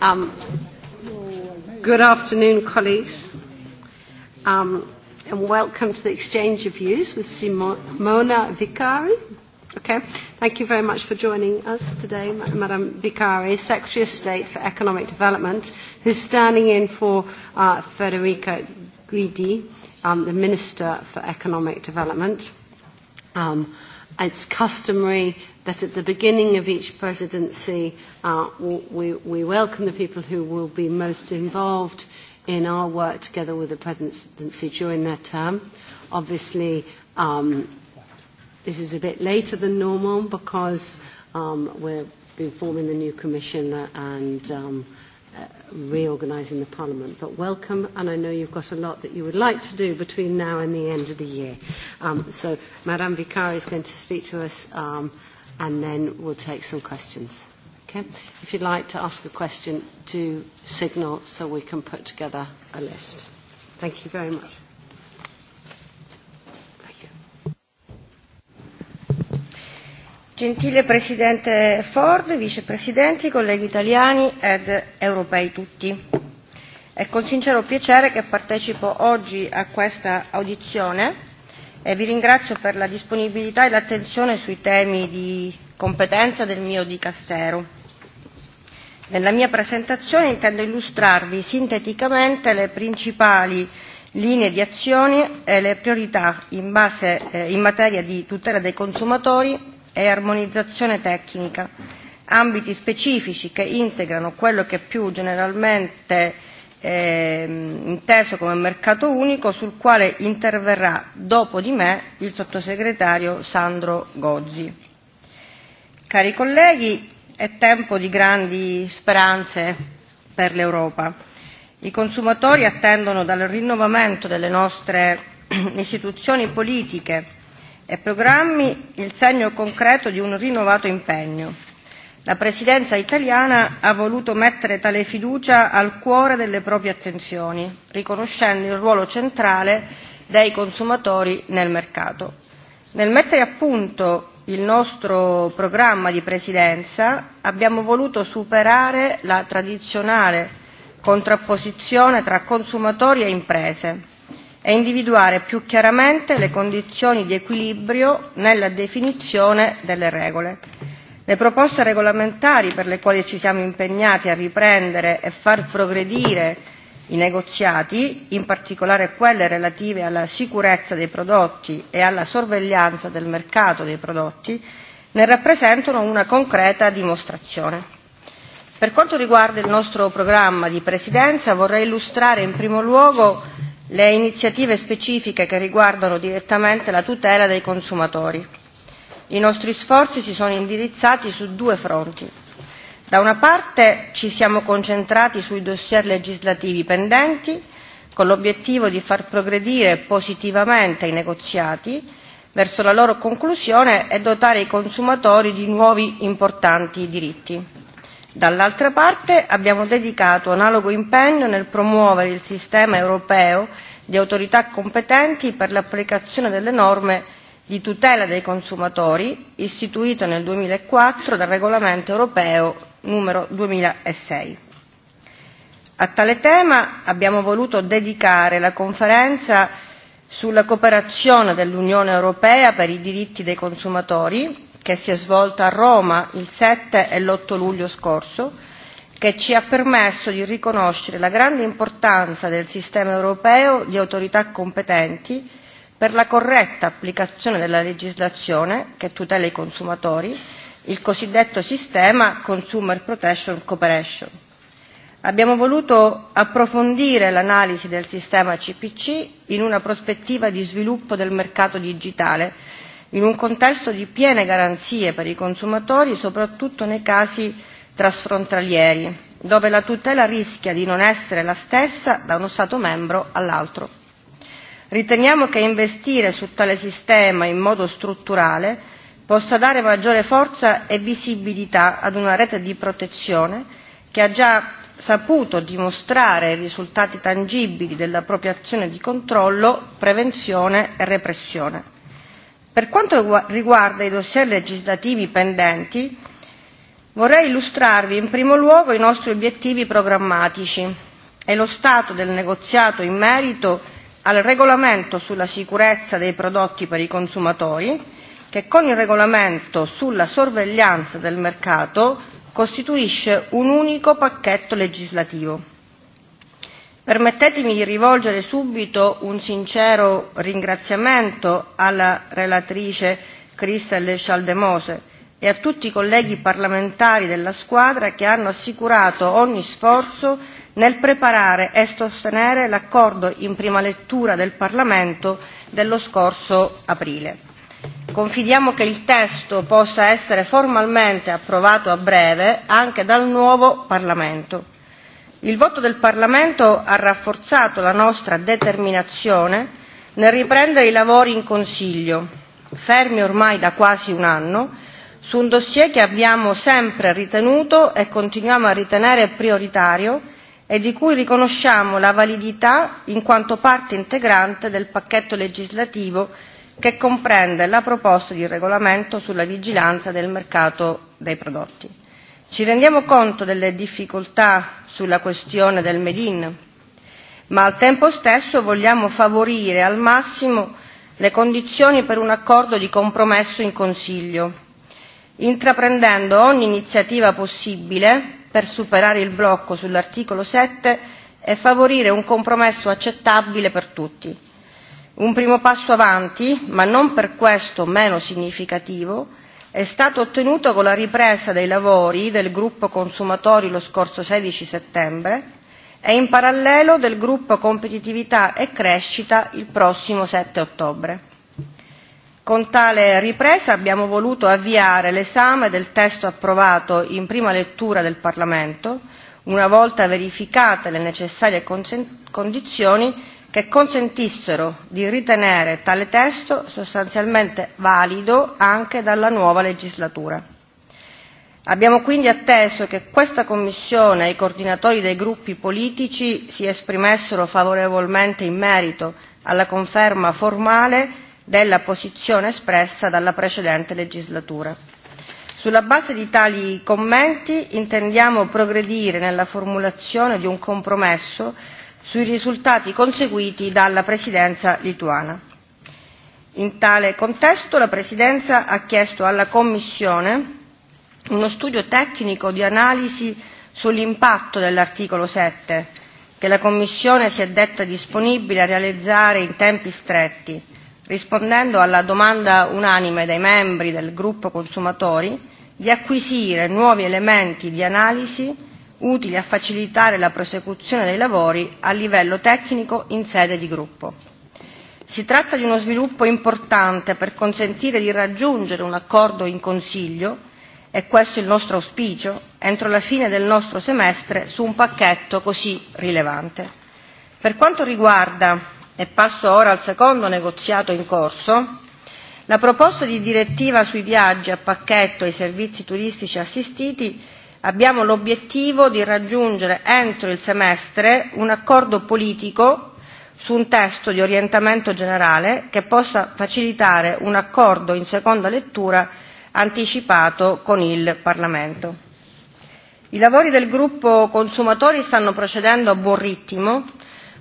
Um, good afternoon, colleagues, um, and welcome to the exchange of views with Simona Vicari. Okay, thank you very much for joining us today, Madam Vicari, Secretary of State for Economic Development, who's standing in for uh, Federica Guidi, um, the Minister for Economic Development. Um, It's customary that at the beginning of each presidency we we welcome the people who will be most involved in our work together with the presidency during their term. Obviously this is a bit later than normal because we're forming the new commission and reorganising the Parliament. But welcome, and I know you've got a lot that you would like to do between now and the end of the year. so Madame Vicari is going to speak to us, and then we'll take some questions. Okay? If you'd like to ask a question, do signal so we can put together a list. Thank you very much. Gentile Presidente Ford, Vicepresidenti, colleghi italiani ed europei tutti, è con sincero piacere che partecipo oggi a questa audizione e vi ringrazio per la disponibilità e l'attenzione sui temi di competenza del mio dicastero. Nella mia presentazione intendo illustrarvi sinteticamente le principali linee di azione e le priorità in materia di tutela dei consumatori e armonizzazione tecnica, ambiti specifici che integrano quello che è più generalmente inteso come mercato unico, sul quale interverrà dopo di me il sottosegretario Sandro Gozzi. Cari colleghi, è tempo di grandi speranze per l'Europa. I consumatori attendono dal rinnovamento delle nostre istituzioni politiche e programmi il segno concreto di un rinnovato impegno. La Presidenza italiana ha voluto mettere tale fiducia al cuore delle proprie attenzioni, riconoscendo il ruolo centrale dei consumatori nel mercato. Nel mettere a punto il nostro programma di Presidenza abbiamo voluto superare la tradizionale contrapposizione tra consumatori e imprese e individuare più chiaramente le condizioni di equilibrio nella definizione delle regole. Le proposte regolamentari per le quali ci siamo impegnati a riprendere e far progredire i negoziati, in particolare quelle relative alla sicurezza dei prodotti e alla sorveglianza del mercato dei prodotti, ne rappresentano una concreta dimostrazione. Per quanto riguarda il nostro programma di presidenza vorrei illustrare in primo luogo le iniziative specifiche che riguardano direttamente la tutela dei consumatori. I nostri sforzi si sono indirizzati su due fronti. Da una parte ci siamo concentrati sui dossier legislativi pendenti, con l'obiettivo di far progredire positivamente i negoziati verso la loro conclusione e dotare i consumatori di nuovi importanti diritti. Dall'altra parte abbiamo dedicato analogo impegno nel promuovere il sistema europeo di autorità competenti per l'applicazione delle norme di tutela dei consumatori istituito nel 2004 dal regolamento europeo numero 2006. A tale tema abbiamo voluto dedicare la conferenza sulla cooperazione dell'Unione Europea per i diritti dei consumatori che si è svolta a Roma il 7 e l'8 luglio scorso, che ci ha permesso di riconoscere la grande importanza del sistema europeo di autorità competenti per la corretta applicazione della legislazione che tutela i consumatori, il cosiddetto sistema Consumer Protection Cooperation. Abbiamo voluto approfondire l'analisi del sistema CPC in una prospettiva di sviluppo del mercato digitale in un contesto di piene garanzie per i consumatori, soprattutto nei casi trasfrontalieri, dove la tutela rischia di non essere la stessa da uno Stato membro all'altro. Riteniamo che investire su tale sistema in modo strutturale possa dare maggiore forza e visibilità ad una rete di protezione che ha già saputo dimostrare i risultati tangibili della propria azione di controllo, prevenzione e repressione. Per quanto riguarda i dossier legislativi pendenti, vorrei illustrarvi in primo luogo i nostri obiettivi programmatici e lo stato del negoziato in merito al regolamento sulla sicurezza dei prodotti per i consumatori, che con il regolamento sulla sorveglianza del mercato costituisce un unico pacchetto legislativo. Permettetemi di rivolgere subito un sincero ringraziamento alla relatrice Christelle Schaldemose e a tutti i colleghi parlamentari della squadra che hanno assicurato ogni sforzo nel preparare e sostenere l'accordo in prima lettura del Parlamento dello scorso aprile. Confidiamo che il testo possa essere formalmente approvato a breve anche dal nuovo Parlamento Il voto del Parlamento ha rafforzato la nostra determinazione nel riprendere i lavori in Consiglio, fermi ormai da quasi un anno, su un dossier che abbiamo sempre ritenuto e continuiamo a ritenere prioritario e di cui riconosciamo la validità in quanto parte integrante del pacchetto legislativo che comprende la proposta di regolamento sulla vigilanza del mercato dei prodotti. Ci rendiamo conto delle difficoltà sulla questione del Medin, ma al tempo stesso vogliamo favorire al massimo le condizioni per un accordo di compromesso in Consiglio, intraprendendo ogni iniziativa possibile per superare il blocco sull'articolo 7 e favorire un compromesso accettabile per tutti. Un primo passo avanti, ma non per questo meno significativo, è stato ottenuto con la ripresa dei lavori del gruppo consumatori lo scorso 16 settembre e in parallelo del gruppo competitività e crescita il prossimo 7 ottobre. Con tale ripresa abbiamo voluto avviare l'esame del testo approvato in prima lettura del Parlamento, una volta verificate le necessarie condizioni che consentissero di ritenere tale testo sostanzialmente valido anche dalla nuova legislatura. Abbiamo quindi atteso che questa Commissione e i coordinatori dei gruppi politici si esprimessero favorevolmente in merito alla conferma formale della posizione espressa dalla precedente legislatura. Sulla base di tali commenti intendiamo progredire nella formulazione di un compromesso sui risultati conseguiti dalla Presidenza lituana. In tale contesto la Presidenza ha chiesto alla Commissione uno studio tecnico di analisi sull'impatto dell'articolo 7, che la Commissione si è detta disponibile a realizzare in tempi stretti, rispondendo alla domanda unanime dei membri del gruppo consumatori di acquisire nuovi elementi di analisi utili a facilitare la prosecuzione dei lavori a livello tecnico in sede di gruppo. Si tratta di uno sviluppo importante per consentire di raggiungere un accordo in Consiglio, e questo è il nostro auspicio, entro la fine del nostro semestre su un pacchetto così rilevante. Per quanto riguarda, e passo ora al secondo negoziato in corso, la proposta di direttiva sui viaggi a pacchetto e i servizi turistici assistiti abbiamo l'obiettivo di raggiungere entro il semestre un accordo politico su un testo di orientamento generale che possa facilitare un accordo in seconda lettura anticipato con il Parlamento. I lavori del gruppo consumatori stanno procedendo a buon ritmo,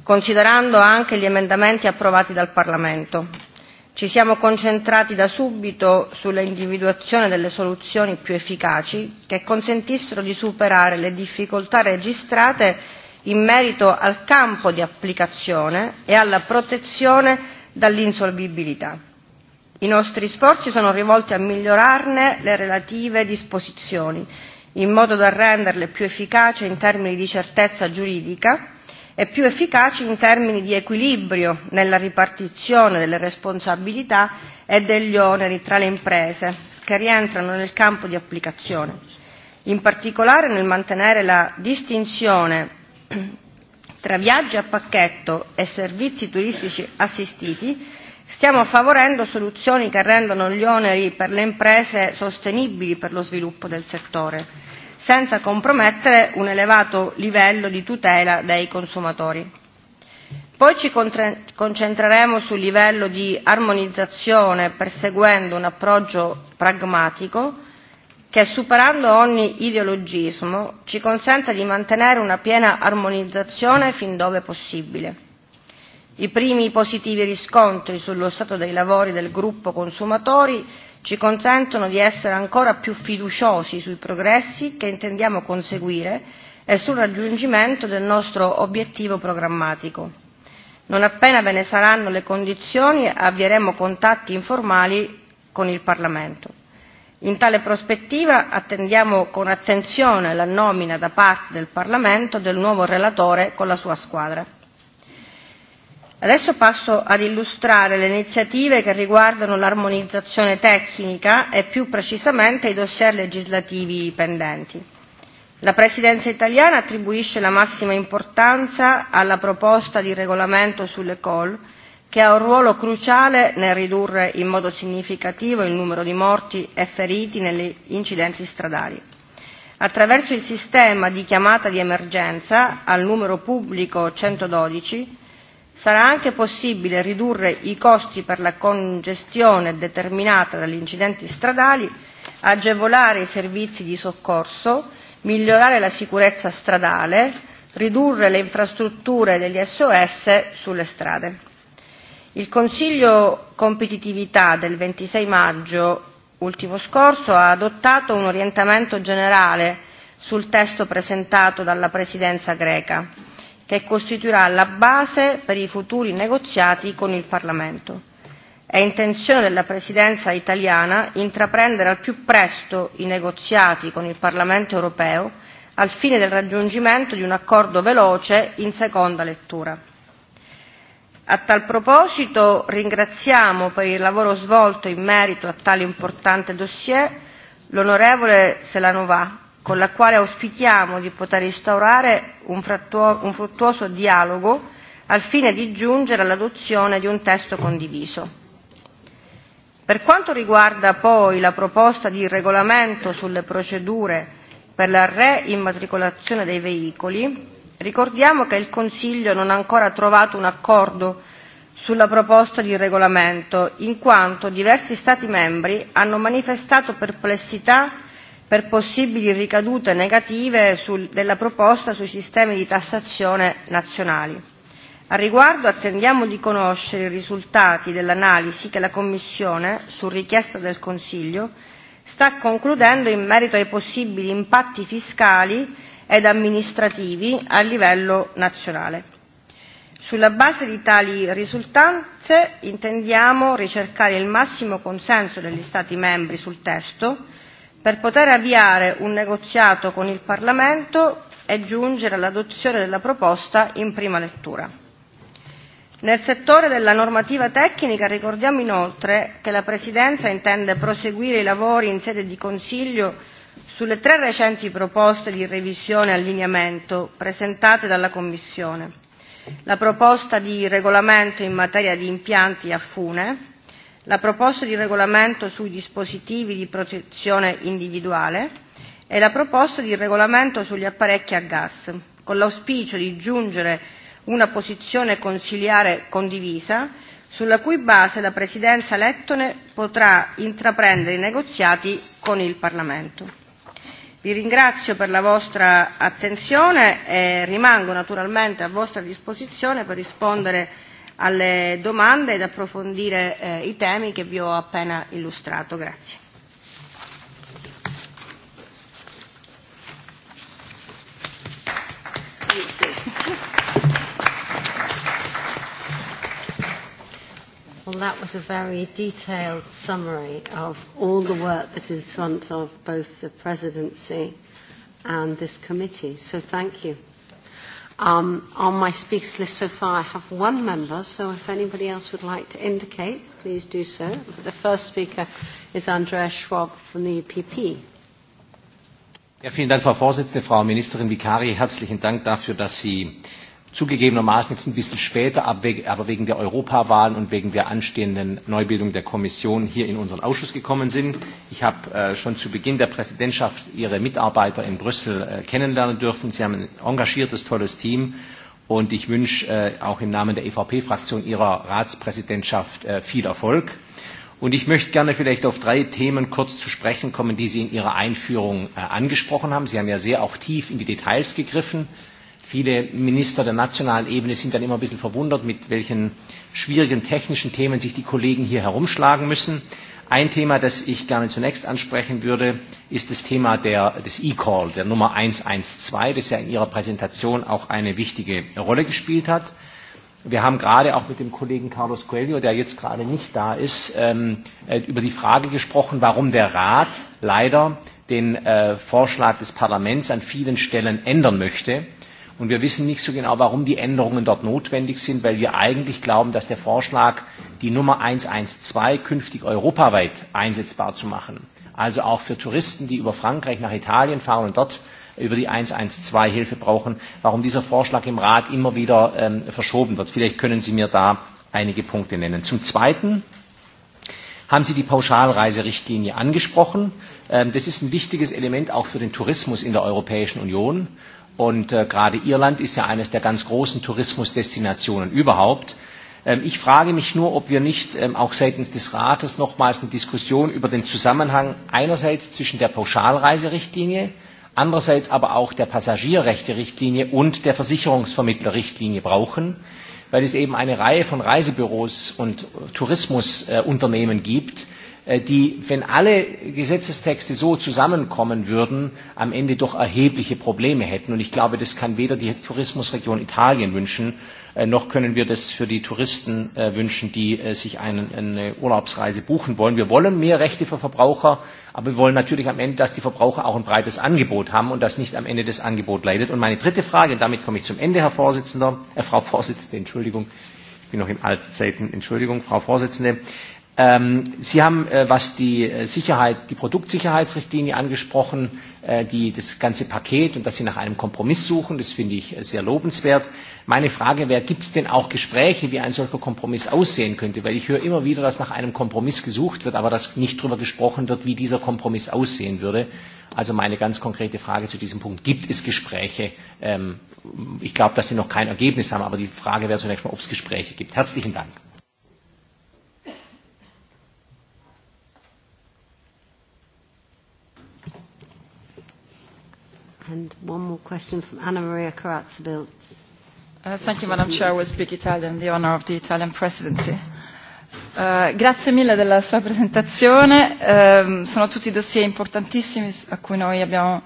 considerando anche gli emendamenti approvati dal Parlamento. Ci siamo concentrati da subito sull'individuazione delle soluzioni più efficaci che consentissero di superare le difficoltà registrate in merito al campo di applicazione e alla protezione dall'insolvibilità. I nostri sforzi sono rivolti a migliorarne le relative disposizioni in modo da renderle più efficaci in termini di certezza giuridica e più efficaci in termini di equilibrio nella ripartizione delle responsabilità e degli oneri tra le imprese che rientrano nel campo di applicazione, in particolare nel mantenere la distinzione tra viaggi a pacchetto e servizi turistici assistiti, stiamo favorendo soluzioni che rendono gli oneri per le imprese sostenibili per lo sviluppo del settore senza compromettere un elevato livello di tutela dei consumatori. Poi ci concentreremo sul livello di armonizzazione perseguendo un approccio pragmatico che, superando ogni ideologismo, ci consenta di mantenere una piena armonizzazione fin dove possibile. I primi positivi riscontri sullo stato dei lavori del gruppo consumatori ci consentono di essere ancora più fiduciosi sui progressi che intendiamo conseguire e sul raggiungimento del nostro obiettivo programmatico. Non appena ve ne saranno le condizioni avvieremo contatti informali con il Parlamento. In tale prospettiva attendiamo con attenzione la nomina da parte del Parlamento del nuovo relatore con la sua squadra. Adesso passo ad illustrare le iniziative che riguardano l'armonizzazione tecnica e più precisamente i dossier legislativi pendenti. La Presidenza italiana attribuisce la massima importanza alla proposta di regolamento sulle call, che ha un ruolo cruciale nel ridurre in modo significativo il numero di morti e feriti negli incidenti stradali. Attraverso il sistema di chiamata di emergenza al numero pubblico 112 Sarà anche possibile ridurre i costi per la congestione determinata dagli incidenti stradali, agevolare i servizi di soccorso, migliorare la sicurezza stradale, ridurre le infrastrutture degli SOS sulle strade. Il Consiglio Competitività del 26 maggio ultimo scorso ha adottato un orientamento generale sul testo presentato dalla Presidenza greca che costituirà la base per i futuri negoziati con il Parlamento. È intenzione della Presidenza italiana intraprendere al più presto i negoziati con il Parlamento europeo al fine del raggiungimento di un accordo veloce in seconda lettura. A tal proposito ringraziamo per il lavoro svolto in merito a tale importante dossier l'onorevole Selanova con la quale auspichiamo di poter instaurare un fruttuoso dialogo al fine di giungere all'adozione di un testo condiviso. Per quanto riguarda poi la proposta di regolamento sulle procedure per la reimmatricolazione dei veicoli, ricordiamo che il Consiglio non ha ancora trovato un accordo sulla proposta di regolamento, in quanto diversi Stati membri hanno manifestato perplessità per possibili ricadute negative della proposta sui sistemi di tassazione nazionali. A riguardo attendiamo di conoscere i risultati dell'analisi che la Commissione, su richiesta del Consiglio, sta concludendo in merito ai possibili impatti fiscali ed amministrativi a livello nazionale. Sulla base di tali risultanze intendiamo ricercare il massimo consenso degli Stati membri sul testo, per poter avviare un negoziato con il Parlamento e giungere all'adozione della proposta in prima lettura. Nel settore della normativa tecnica ricordiamo inoltre che la Presidenza intende proseguire i lavori in sede di Consiglio sulle tre recenti proposte di revisione e allineamento presentate dalla Commissione, la proposta di regolamento in materia di impianti a fune, la proposta di regolamento sui dispositivi di protezione individuale e la proposta di regolamento sugli apparecchi a gas, con l'auspicio di giungere una posizione consiliare condivisa, sulla cui base la Presidenza lettone potrà intraprendere i negoziati con il Parlamento. Vi ringrazio per la vostra attenzione e rimango naturalmente a vostra disposizione per rispondere alle domande ed approfondire i temi che vi ho appena illustrato. Grazie. Well, that was a very detailed summary of all the work that is in front of both the presidency and this committee. So thank you. Um, on my speakers list so far, I have one member, so if anybody else would like to indicate, please do so. The first speaker is Andreas Schwab from the EPP. Ja, vielen Dank, Frau Vorsitzende, Frau Ministerin Vicari. Herzlichen Dank dafür, dass Sie zugegebenermaßen jetzt ein bisschen später, aber wegen der Europawahlen und wegen der anstehenden Neubildung der Kommission hier in unseren Ausschuss gekommen sind. Ich habe schon zu Beginn der Präsidentschaft Ihre Mitarbeiter in Brüssel kennenlernen dürfen. Sie haben ein engagiertes, tolles Team. Und ich wünsche auch im Namen der EVP-Fraktion Ihrer Ratspräsidentschaft viel Erfolg. Und ich möchte gerne vielleicht auf drei Themen kurz zu sprechen kommen, die Sie in Ihrer Einführung angesprochen haben. Sie haben ja sehr auch tief in die Details gegriffen. Viele Minister der nationalen Ebene sind dann immer ein bisschen verwundert, mit welchen schwierigen technischen Themen sich die Kollegen hier herumschlagen müssen. Ein Thema, das ich gerne zunächst ansprechen würde, ist das Thema der, des e der Nummer 112, das ja in Ihrer Präsentation auch eine wichtige Rolle gespielt hat. Wir haben gerade auch mit dem Kollegen Carlos Coelho, der jetzt gerade nicht da ist, über die Frage gesprochen, warum der Rat leider den Vorschlag des Parlaments an vielen Stellen ändern möchte Und wir wissen nicht so genau, warum die Änderungen dort notwendig sind, weil wir eigentlich glauben, dass der Vorschlag, die Nummer 112 künftig europaweit einsetzbar zu machen, also auch für Touristen, die über Frankreich nach Italien fahren und dort über die 112 Hilfe brauchen, warum dieser Vorschlag im Rat immer wieder verschoben wird. Vielleicht können Sie mir da einige Punkte nennen. Zum Zweiten haben Sie die Pauschalreiserichtlinie angesprochen. Das ist ein wichtiges Element auch für den Tourismus in der Europäischen Union. Und gerade Irland ist ja eines der ganz großen Tourismusdestinationen überhaupt. Ich frage mich nur, ob wir nicht auch seitens des Rates nochmals eine Diskussion über den Zusammenhang einerseits zwischen der Pauschalreiserichtlinie, andererseits aber auch der Passagierrechte-Richtlinie und der versicherungsvermittler brauchen, weil es eben eine Reihe von Reisebüros und Tourismusunternehmen gibt, die, wenn alle Gesetzestexte so zusammenkommen würden, am Ende doch erhebliche Probleme hätten. Und ich glaube, das kann weder die Tourismusregion Italien wünschen, noch können wir das für die Touristen wünschen, die sich eine Urlaubsreise buchen wollen. Wir wollen mehr Rechte für Verbraucher, aber wir wollen natürlich am Ende, dass die Verbraucher auch ein breites Angebot haben und dass nicht am Ende das Angebot leidet. Und meine dritte Frage, und damit komme ich zum Ende, Herr Vorsitzender, Frau Vorsitzende, Entschuldigung, ich bin noch in alten Zeiten, Entschuldigung, Frau Vorsitzende, Sie haben, was die Sicherheit, die Produktsicherheitsrichtlinie angesprochen, die, das ganze Paket und dass Sie nach einem Kompromiss suchen, das finde ich sehr lobenswert. Meine Frage wäre, gibt es denn auch Gespräche, wie ein solcher Kompromiss aussehen könnte? Weil ich höre immer wieder, dass nach einem Kompromiss gesucht wird, aber dass nicht darüber gesprochen wird, wie dieser Kompromiss aussehen würde. Also meine ganz konkrete Frage zu diesem Punkt, gibt es Gespräche? Ich glaube, dass Sie noch kein Ergebnis haben, aber die Frage wäre zunächst mal, ob es Gespräche gibt. Herzlichen Dank. And one Maria Thank you, Madam Chair. will speak Italian, the of the Italian presidency. Grazie mille della sua presentazione. Sono tutti dossier importantissimi a cui noi abbiamo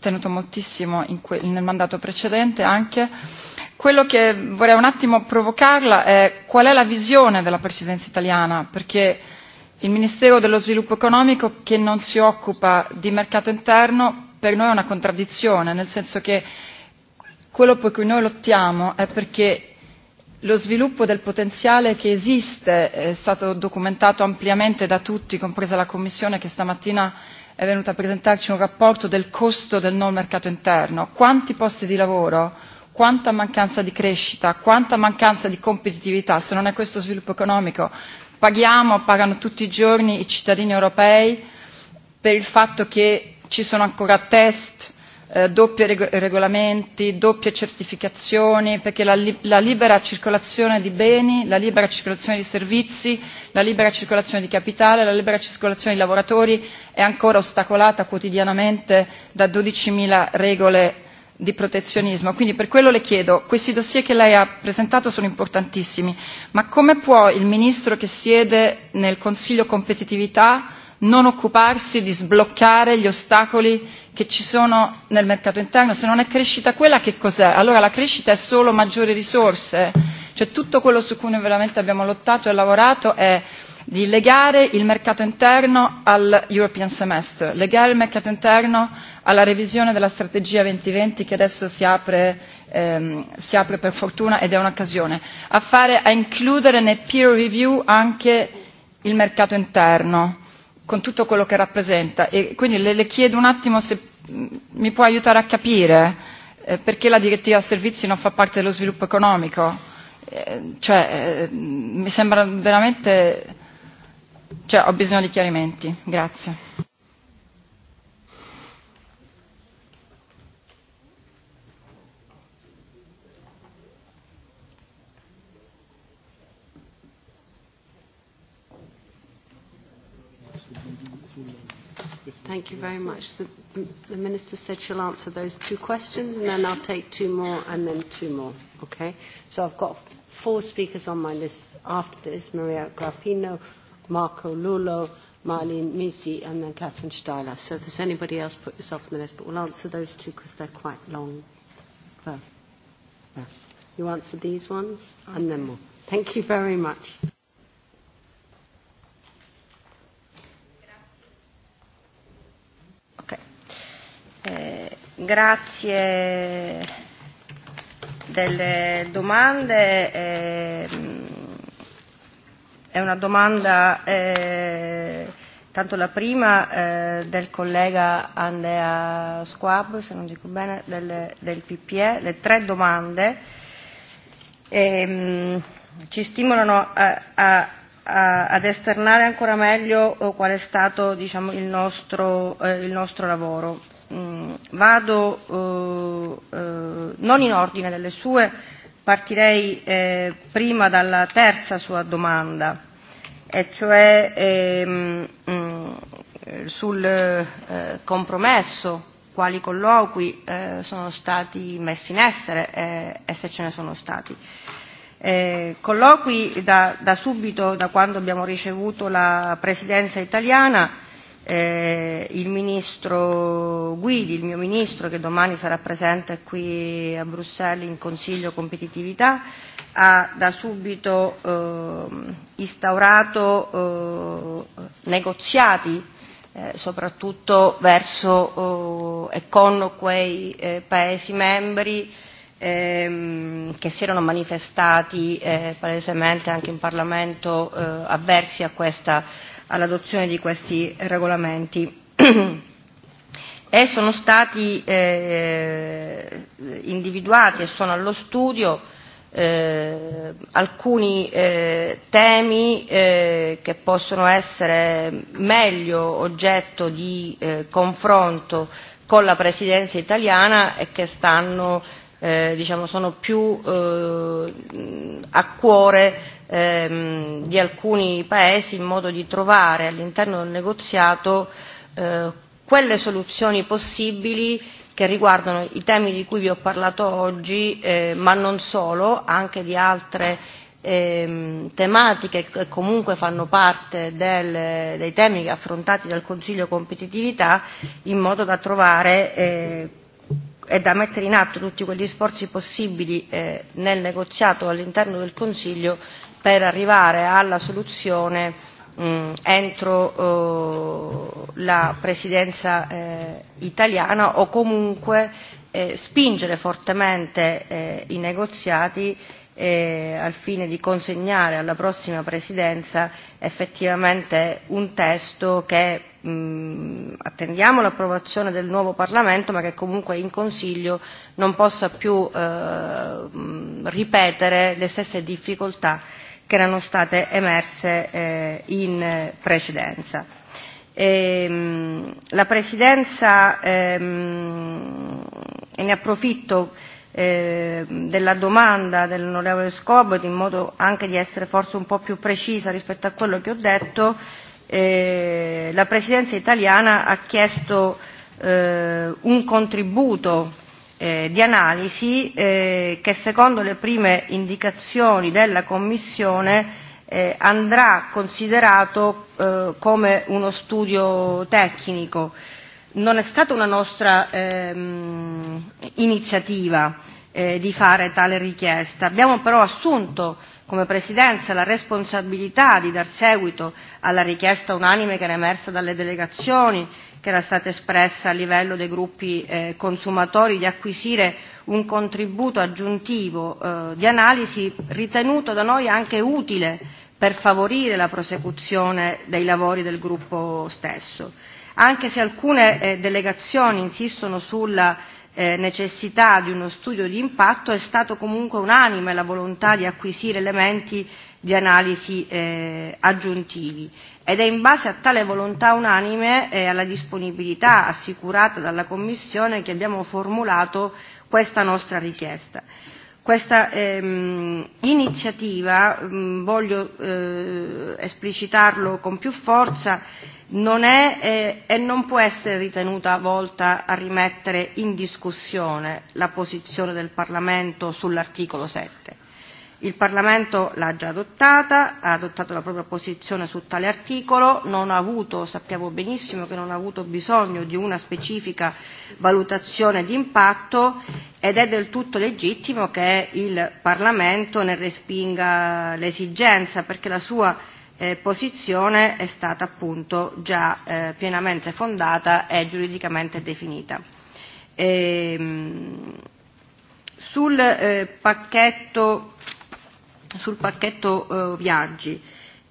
tenuto moltissimo nel mandato precedente anche. Quello che vorrei un attimo provocarla è qual è la visione della presidenza italiana, perché il Ministero dello Sviluppo Economico, che non si occupa di mercato interno, per noi è una contraddizione, nel senso che quello per cui noi lottiamo è perché lo sviluppo del potenziale che esiste è stato documentato ampiamente da tutti, compresa la Commissione che stamattina è venuta a presentarci un rapporto del costo del non mercato interno. Quanti posti di lavoro, quanta mancanza di crescita, quanta mancanza di competitività, se non è questo sviluppo economico, paghiamo, pagano tutti i giorni i cittadini europei per il fatto che ci sono ancora test doppi regolamenti doppie certificazioni perché la libera circolazione di beni la libera circolazione di servizi la libera circolazione di capitale la libera circolazione di lavoratori è ancora ostacolata quotidianamente da 12.000 regole di protezionismo quindi per quello le chiedo questi dossier che lei ha presentato sono importantissimi ma come può il ministro che siede nel consiglio competitività non occuparsi di sbloccare gli ostacoli che ci sono nel mercato interno. Se non è crescita quella che cos'è? Allora la crescita è solo maggiori risorse, cioè tutto quello su cui noi veramente abbiamo lottato e lavorato è di legare il mercato interno al European Semester, legare il mercato interno alla revisione della strategia 2020 che adesso si apre, si apre per fortuna ed è un'occasione, a, a includere nel peer review anche il mercato interno con tutto quello che rappresenta e quindi le chiedo un attimo se mi può aiutare a capire perché la direttiva servizi non fa parte dello sviluppo economico cioè mi sembra veramente cioè ho bisogno di chiarimenti grazie Thank you very much. The, the Minister said she'll answer those two questions, and then I'll take two more and then two more. Okay? So I've got four speakers on my list after this, Maria Grappino, Marco Lulo, Marlene Misi, and then Catherine Steiler. So if there's anybody else, put yourself on the list, but we'll answer those two because they're quite long. You answer these ones, and then more. Thank you very much. Grazie delle domande. È una domanda, tanto la prima del collega Andrea Squab, se non dico bene, del PPE, le tre domande ci stimolano a ad esternare ancora meglio qual è stato diciamo il nostro il nostro lavoro vado non in ordine delle sue, partirei prima dalla terza sua domanda, e cioè sul compromesso quali colloqui sono stati messi in essere e se ce ne sono stati. Colloqui da subito, da quando abbiamo ricevuto la presidenza italiana, il ministro Guidi, il mio ministro che domani sarà presente qui a Bruxelles in Consiglio Competitività, ha da subito instaurato negoziati soprattutto verso e con quei Paesi membri che si erano manifestati palesemente anche in Parlamento avversi a questa all'adozione di questi regolamenti e sono stati individuati e sono allo studio alcuni temi che possono essere meglio oggetto di confronto con la presidenza italiana e che stanno diciamo sono più a cuore di alcuni paesi in modo di trovare all'interno del negoziato quelle soluzioni possibili che riguardano i temi di cui vi ho parlato oggi ma non solo anche di altre tematiche che comunque fanno parte dei temi affrontati dal Consiglio competitività in modo da trovare è da mettere in atto tutti quegli sforzi possibili nel negoziato all'interno del Consiglio per arrivare alla soluzione entro la presidenza italiana o comunque spingere fortemente i negoziati al fine di consegnare alla prossima presidenza effettivamente un testo che attendiamo l'approvazione del nuovo Parlamento ma che comunque in Consiglio non possa più ripetere le stesse difficoltà che erano state emerse in precedenza. La Presidenza, e ne approfitto della domanda dell'onorevole Scobot in modo anche di essere forse un po' più precisa rispetto a quello che ho detto, la presidenza italiana ha chiesto un contributo di analisi che secondo le prime indicazioni della commissione andrà considerato come uno studio tecnico non è stata una nostra iniziativa di fare tale richiesta abbiamo però assunto come Presidenza la responsabilità di dar seguito alla richiesta unanime che era emersa dalle delegazioni, che era stata espressa a livello dei gruppi consumatori, di acquisire un contributo aggiuntivo di analisi ritenuto da noi anche utile per favorire la prosecuzione dei lavori del gruppo stesso. Anche se alcune delegazioni insistono sulla necessità di uno studio di impatto è stato comunque unanime la volontà di acquisire elementi di analisi aggiuntivi ed è in base a tale volontà unanime e alla disponibilità assicurata dalla Commissione che abbiamo formulato questa nostra richiesta. Questa iniziativa, voglio esplicitarlo con più forza, non è e non può essere ritenuta volta a rimettere in discussione la posizione del Parlamento sull'articolo 7. Il Parlamento l'ha già adottata, ha adottato la propria posizione su tale articolo, non ha avuto, sappiamo benissimo che non ha avuto bisogno di una specifica valutazione di impatto ed è del tutto legittimo che il Parlamento ne respinga l'esigenza perché la sua posizione è stata appunto già pienamente fondata e giuridicamente definita. Sul pacchetto sul pacchetto viaggi.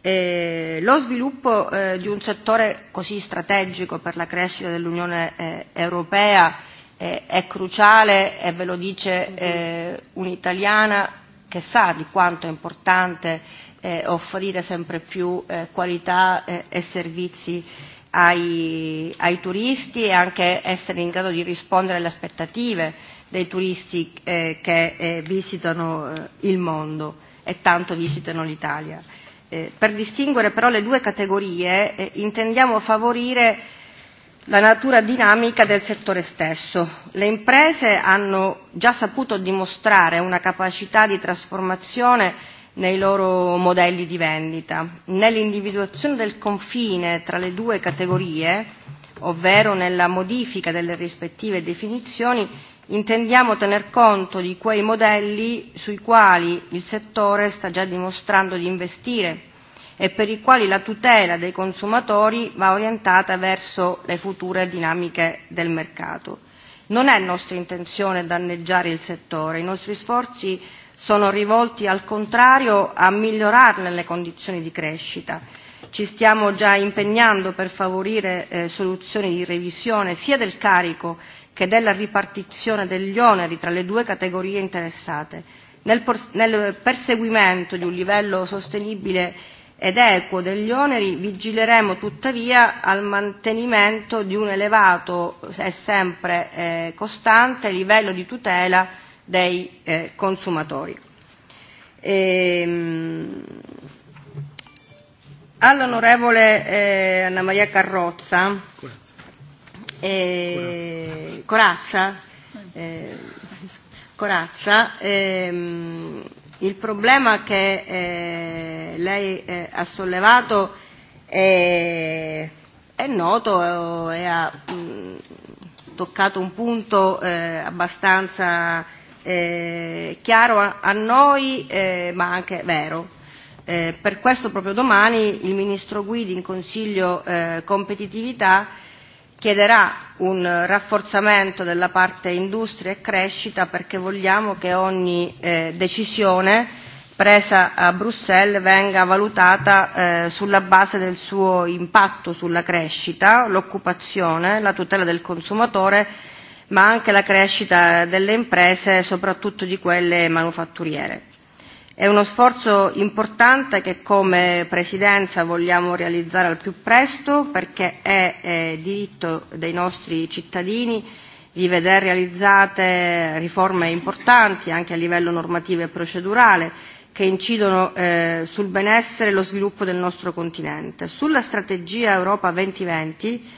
Lo sviluppo di un settore così strategico per la crescita dell'Unione Europea è cruciale e ve lo dice un'italiana che sa di quanto è importante offrire sempre più qualità e servizi ai ai turisti e anche essere in grado di rispondere alle aspettative dei turisti che visitano il mondo e tanto visitano l'Italia. Per distinguere però le due categorie intendiamo favorire la natura dinamica del settore stesso. Le imprese hanno già saputo dimostrare una capacità di trasformazione nei loro modelli di vendita. Nell'individuazione del confine tra le due categorie, ovvero nella modifica delle rispettive definizioni, intendiamo tener conto di quei modelli sui quali il settore sta già dimostrando di investire e per i quali la tutela dei consumatori va orientata verso le future dinamiche del mercato. Non è nostra intenzione danneggiare il settore, i nostri sforzi sono rivolti al contrario a migliorarne le condizioni di crescita. Ci stiamo già impegnando per favorire soluzioni di revisione sia del carico che della ripartizione degli oneri tra le due categorie interessate, nel perseguimento di un livello sostenibile ed equo degli oneri vigileremo tuttavia al mantenimento di un elevato e sempre costante livello di tutela dei consumatori. All'onorevole Anna Maria Carrozza eh, Corazza, Corazza ehm, il problema che lei ha sollevato è, è noto e ha toccato un punto abbastanza chiaro a, noi ma anche vero. per questo proprio domani il Ministro Guidi in Consiglio eh, Competitività chiederà un rafforzamento della parte industria e crescita perché vogliamo che ogni decisione presa a Bruxelles venga valutata sulla base del suo impatto sulla crescita, l'occupazione, la tutela del consumatore, ma anche la crescita delle imprese, soprattutto di quelle manufatturiere. È uno sforzo importante che come Presidenza vogliamo realizzare al più presto perché è diritto dei nostri cittadini di vedere realizzate riforme importanti anche a livello normativo e procedurale che incidono sul benessere e lo sviluppo del nostro continente. Sulla strategia Europa 2020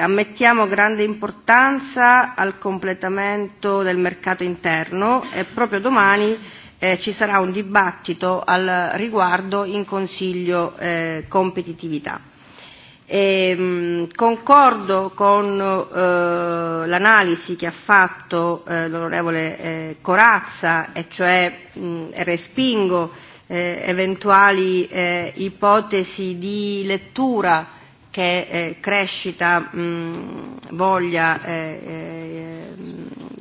ammettiamo grande importanza al completamento del mercato interno e proprio domani ci sarà un dibattito al riguardo in Consiglio competitività. Concordo con l'analisi che ha fatto l'onorevole Corazza e cioè respingo eventuali ipotesi di lettura che crescita voglia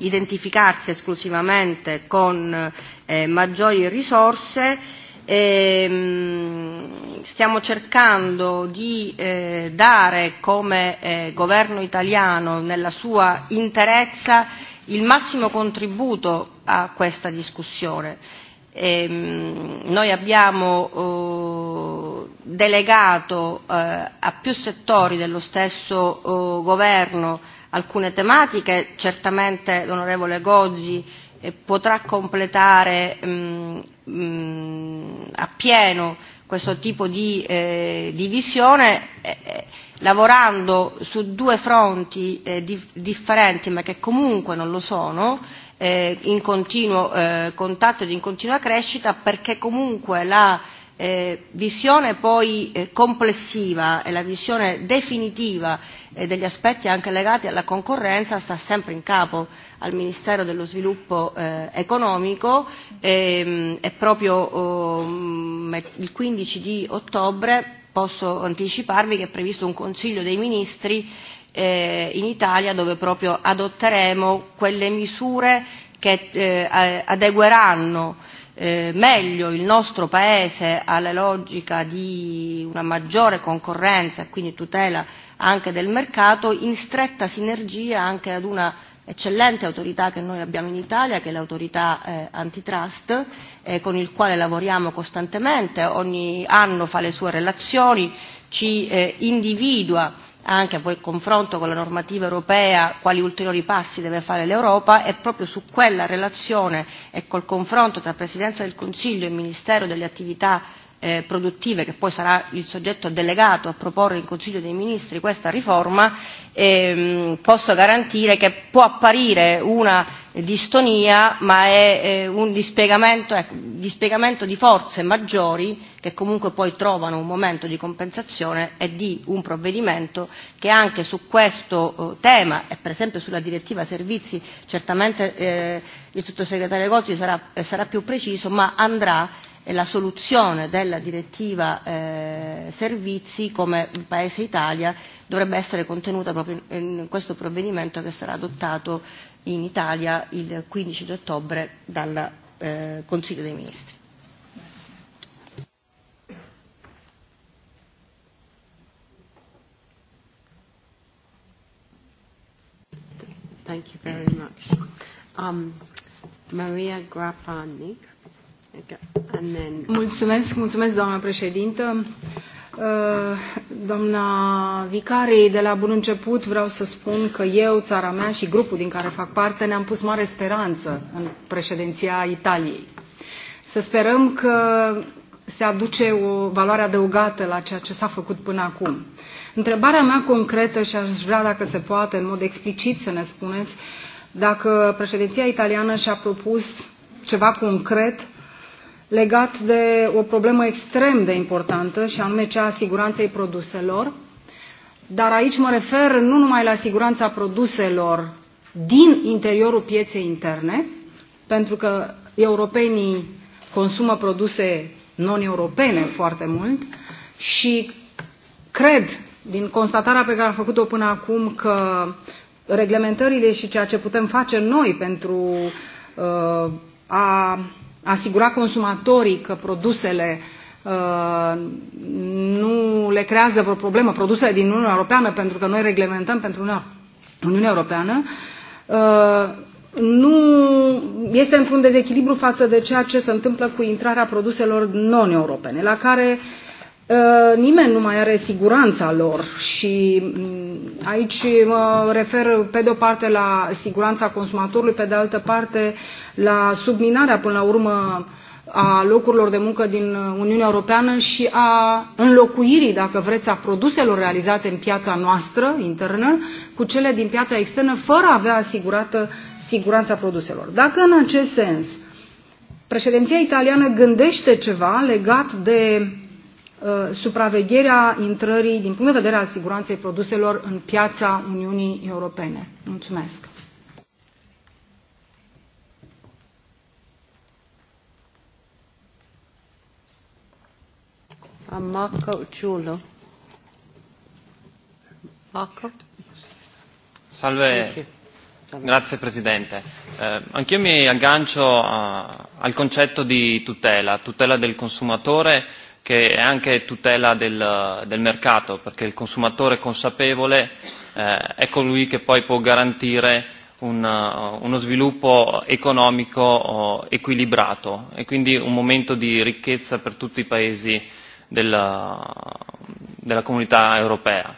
identificarsi esclusivamente con eh, maggiori risorse. stiamo cercando di dare come governo italiano nella sua interezza il massimo contributo a questa discussione. noi abbiamo delegato a più settori dello stesso governo alcune tematiche, certamente l'onorevole Gozzi potrà completare appieno questo tipo di visione lavorando su due fronti differenti ma che comunque non lo sono in continuo contatto ed in continua crescita perché comunque la visione poi complessiva e la visione definitiva degli aspetti anche legati alla concorrenza sta sempre in capo al Ministero dello Sviluppo Economico e proprio il 15 di ottobre posso anticiparvi che è previsto un Consiglio dei Ministri in Italia dove proprio adotteremo quelle misure che adegueranno meglio il nostro Paese alla logica di una maggiore concorrenza e quindi tutela anche del mercato in stretta sinergia anche ad una eccellente autorità che noi abbiamo in Italia, che è l'autorità antitrust, con il quale lavoriamo costantemente, ogni anno fa le sue relazioni, ci individua anche poi voi confronto con la normativa europea quali ulteriori passi deve fare l'Europa e proprio su quella relazione e col confronto tra Presidenza del Consiglio e Ministero delle attività produttive che poi sarà il soggetto delegato a proporre in Consiglio dei Ministri questa riforma, posso garantire che può apparire una distonia, ma è un dispiegamento di forze maggiori che comunque poi trovano un momento di compensazione e di un provvedimento che anche su questo tema e per esempio sulla direttiva servizi certamente il sottosegretario Gotti sarà più preciso, ma andrà la soluzione della direttiva servizi come Paese Italia dovrebbe essere contenuta proprio in questo provvedimento che sarà adottato in Italia il 15 di ottobre dal Consiglio dei Ministri. Thank you very much. Um, Maria Mulțumesc, mulțumesc, doamna președintă. Doamna Vicarei, de la bun început vreau să spun că eu, țara mea și grupul din care fac parte ne-am pus mare speranță în președinția Italiei. Să sperăm că se aduce o valoare adăugată la ceea ce s-a făcut până acum. Întrebarea mea concretă și aș vrea dacă se poate în mod explicit să ne spuneți dacă președinția italiană și-a propus ceva concret legat de o problemă extrem de importantă și anume cea a siguranței produselor, dar aici mă refer nu numai la siguranța produselor din interiorul pieței interne, pentru că europenii consumă produse non-europene foarte mult și cred din constatarea pe care am făcut-o până acum că reglementările și ceea ce putem face noi pentru uh, a asigura consumatorii că produsele nu le creează vreo problemă, produsele din Uniunea Europeană, pentru că noi reglementăm pentru Uniunea Europeană, nu este într-un dezechilibru față de ceea ce se întâmplă cu intrarea produselor non-europene, la care nimeni nu mai are siguranța lor și aici mă refer pe de o parte la siguranța consumatorului, pe de altă parte la subminarea până la urmă a locurilor de muncă din Uniunea Europeană și a înlocuirii, dacă vreți, a produselor realizate în piața noastră internă cu cele din piața externă, fără a avea asigurată siguranța produselor. Dacă în acest sens președinția italiană gândește ceva legat de supravegherea intrării din punct de vedere al siguranței produselor în piața Uniunii Europene. Mulțumesc. Marco Marco? Salve, grazie Presidente. Eh, Anch'io mi aggancio a, al concetto di tutela, tutela del consumatore che è anche tutela del, del mercato, perché il consumatore consapevole è colui che poi può garantire uno sviluppo economico equilibrato e quindi un momento di ricchezza per tutti i paesi della, della comunità europea.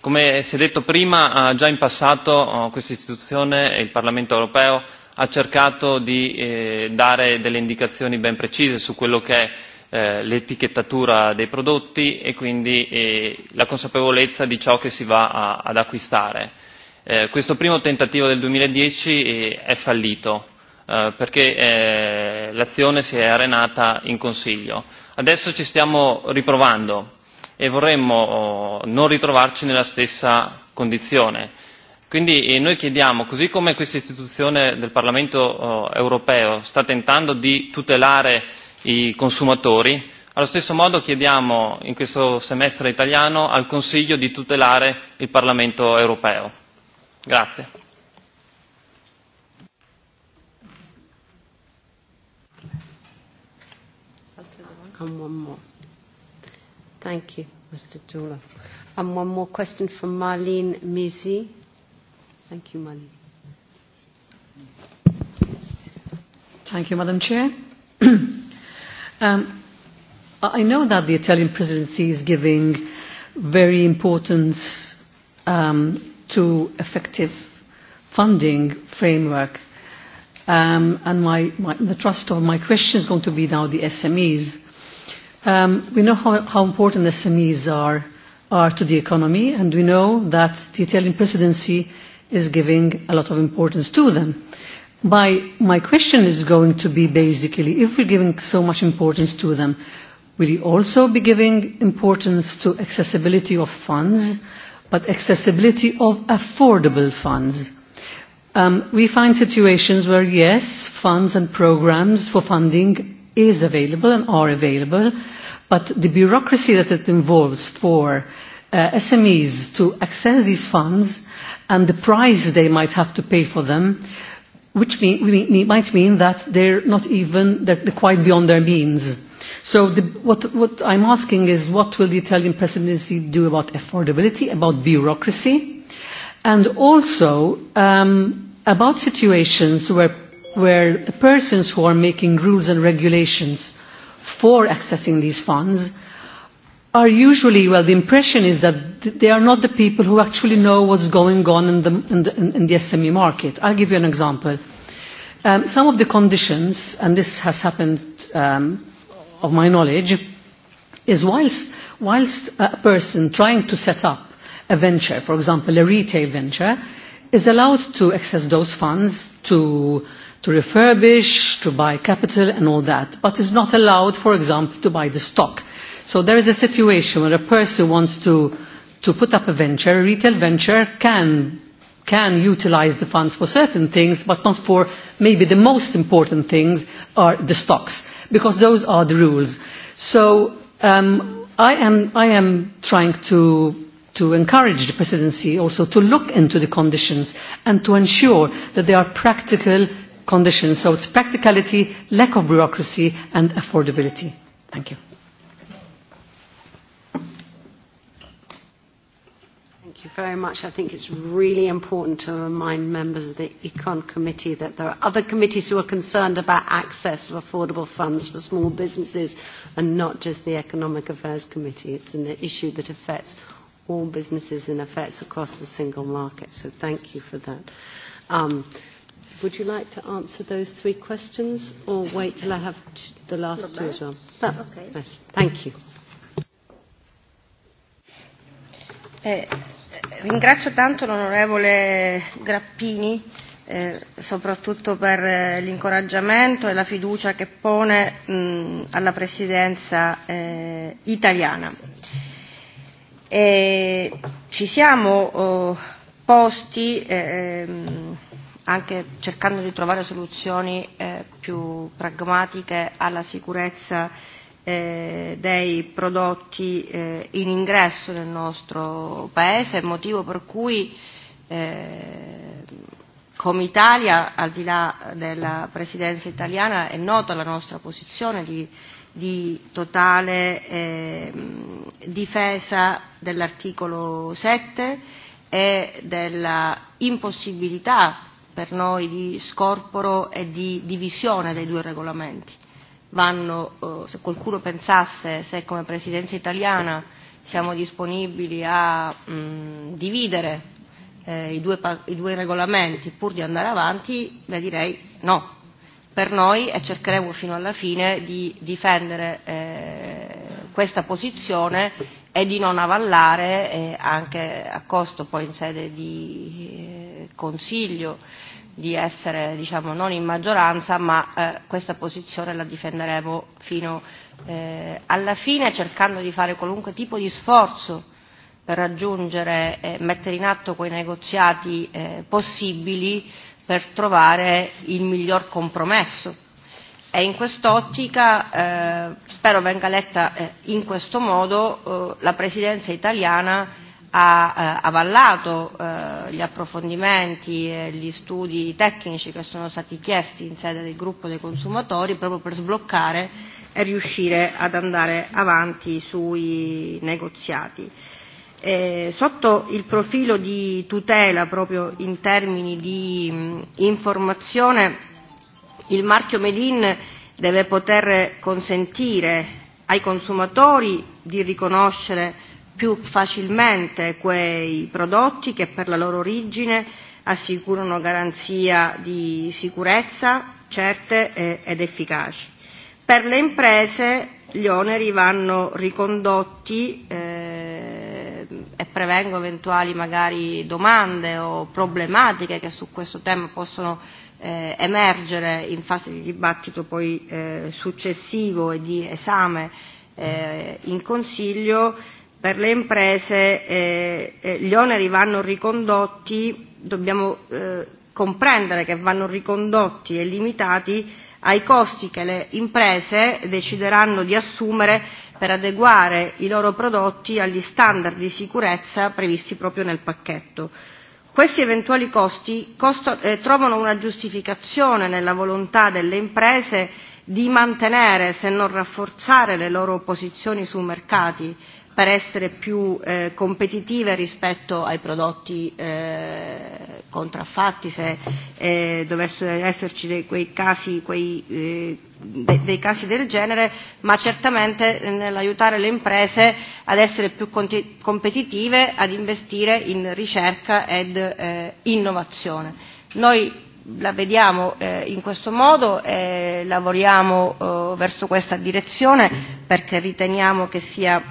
Come si è detto prima, già in passato questa istituzione e il Parlamento europeo ha cercato di dare delle indicazioni ben precise su quello che è l'etichettatura dei prodotti e quindi la consapevolezza di ciò che si va ad acquistare. Questo primo tentativo del 2010 è fallito perché l'azione si è arenata in Consiglio. Adesso ci stiamo riprovando e vorremmo non ritrovarci nella stessa condizione. Quindi noi chiediamo, così come questa istituzione del Parlamento europeo sta tentando di tutelare i consumatori. Allo stesso modo chiediamo in questo semestre italiano al Consiglio di tutelare il Parlamento europeo. Grazie. Thank you, Mr. Dula. And one more question from Marlene Mizzi. Thank you, Marlene. Thank you, Madam Chair. I know that the Italian presidency is giving very importance to effective funding framework. And my the trust of my question is going to be now the SMEs. We know how important SMEs are are to the economy and we know that the Italian presidency is giving a lot of importance to them. My, my question is going to be basically, if we're giving so much importance to them, will you also be giving importance to accessibility of funds, but accessibility of affordable funds? we find situations where, yes, funds and programs for funding is available and are available, but the bureaucracy that it involves for SMEs to access these funds and the price they might have to pay for them which might mean that they're not even they're quite beyond their means. So what I'm asking is what will the Italian presidency do about affordability, about bureaucracy, and also about situations where where the persons who are making rules and regulations for accessing these funds are usually, well, the impression is that they are not the people who actually know what's going on in the, in the, in the SME market. I'll give you an example. some of the conditions, and this has happened of my knowledge, is whilst, whilst a person trying to set up a venture, for example, a retail venture, is allowed to access those funds to, to refurbish, to buy capital and all that, but is not allowed, for example, to buy the stock So there is a situation where a person wants to to put up a venture, a retail venture can can utilise the funds for certain things, but not for maybe the most important things are the stocks, because those are the rules. So I am I am trying to to encourage the Presidency also to look into the conditions and to ensure that they are practical conditions. So it's practicality, lack of bureaucracy and affordability. Thank you. you very much. I think it's really important to remind members of the Econ Committee that there are other committees who are concerned about access to affordable funds for small businesses and not just the Economic Affairs Committee. It's an issue that affects all businesses and affects across the single market. So thank you for that. would you like to answer those three questions or wait till I have the last two as well? thank you. Ringrazio tanto l'onorevole Grappini soprattutto per l'incoraggiamento e la fiducia che pone alla presidenza italiana. E ci siamo posti anche cercando di trovare soluzioni più pragmatiche alla sicurezza dei prodotti in ingresso nel nostro Paese, motivo per cui come Italia, al di là della Presidenza italiana, è nota la nostra posizione di di totale difesa dell'articolo 7 e della impossibilità per noi di scorporo e di divisione dei due regolamenti vanno, se qualcuno pensasse se come Presidenza italiana siamo disponibili a dividere i due i due regolamenti pur di andare avanti, beh direi no. Per noi e cercheremo fino alla fine di difendere questa posizione e di non avallare anche a costo poi in sede di Consiglio di essere diciamo non in maggioranza ma questa posizione la difenderemo fino alla fine cercando di fare qualunque tipo di sforzo per raggiungere e mettere in atto quei negoziati possibili per trovare il miglior compromesso e in quest'ottica spero venga letta in questo modo la presidenza italiana ha avallato gli approfondimenti e gli studi tecnici che sono stati chiesti in sede del gruppo dei consumatori proprio per sbloccare e riuscire ad andare avanti sui negoziati. Sotto il profilo di tutela proprio in termini di informazione il marchio MEDIN deve poter consentire ai consumatori di riconoscere più facilmente quei prodotti che per la loro origine assicurano garanzia di sicurezza certe ed efficaci. Per le imprese gli oneri vanno ricondotti e prevengo eventuali magari domande o problematiche che su questo tema possono emergere in fase di dibattito poi successivo e di esame in Consiglio per le imprese gli oneri vanno ricondotti, dobbiamo comprendere che vanno ricondotti e limitati ai costi che le imprese decideranno di assumere per adeguare i loro prodotti agli standard di sicurezza previsti proprio nel pacchetto. Questi eventuali costi trovano una giustificazione nella volontà delle imprese di mantenere, se non rafforzare, le loro posizioni sui mercati per essere più competitive rispetto ai prodotti contraffatti se dovessero esserci dei quei casi quei dei casi del genere, ma certamente nell'aiutare le imprese ad essere più competitive, ad investire in ricerca ed innovazione. Noi la vediamo in questo modo e lavoriamo verso questa direzione perché riteniamo che sia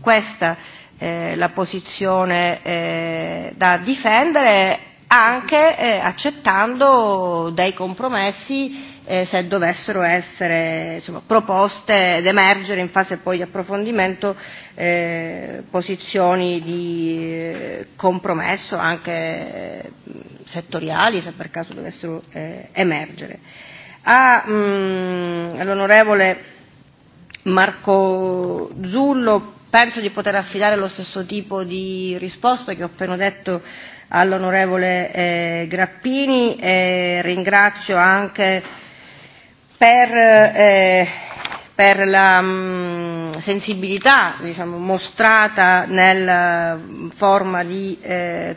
questa la posizione da difendere anche accettando dei compromessi eh, se dovessero essere insomma, proposte ed emergere in fase poi di approfondimento eh, posizioni di compromesso anche settoriali se per caso dovessero eh, emergere. A, all'onorevole Marco Zullo penso di poter affidare lo stesso tipo di risposta che ho appena detto all'onorevole eh, Grappini e ringrazio anche per la sensibilità diciamo mostrata nella forma di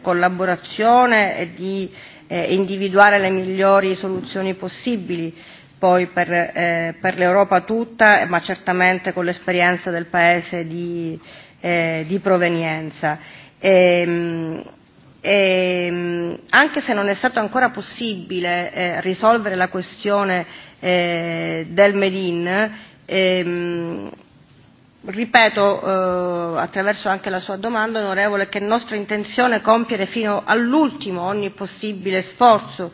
collaborazione e di individuare le migliori soluzioni possibili poi per per l'Europa tutta ma certamente con l'esperienza del paese di di provenienza E, Anche se non è stato ancora possibile risolvere la questione del Medin, ripeto attraverso anche la sua domanda, onorevole, che è nostra intenzione compiere fino all'ultimo ogni possibile sforzo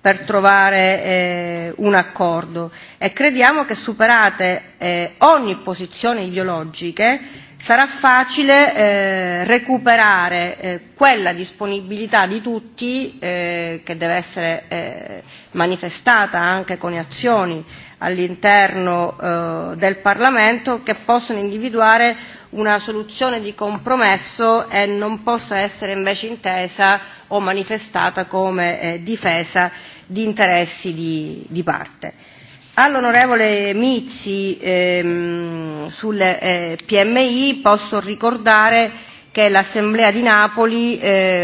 per trovare un accordo e crediamo che superate ogni posizione ideologiche sarà facile recuperare quella disponibilità di tutti che deve essere manifestata anche con azioni all'interno del Parlamento che possono individuare una soluzione di compromesso e non possa essere invece intesa o manifestata come difesa di interessi di parte. All'onorevole Mizzi ehm, sul PMI posso ricordare che l'Assemblea di Napoli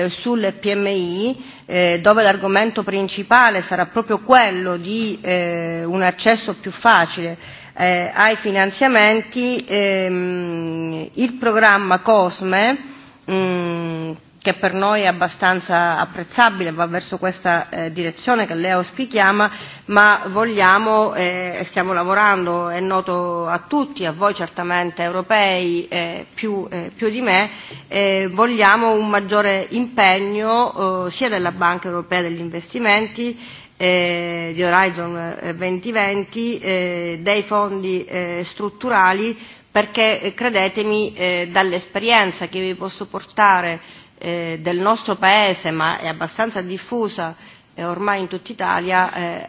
sulle sul PMI dove l'argomento principale sarà proprio quello di un accesso più facile ai finanziamenti, il programma COSME mh, che per noi è abbastanza apprezzabile, va verso questa direzione che lei auspichiamo, ma vogliamo e stiamo lavorando, è noto a tutti, a voi certamente europei più di me, vogliamo un maggiore impegno sia della Banca Europea degli Investimenti di Horizon 2020 dei fondi strutturali perché credetemi dall'esperienza che vi posso portare del nostro paese, ma è abbastanza diffusa ormai in tutta Italia,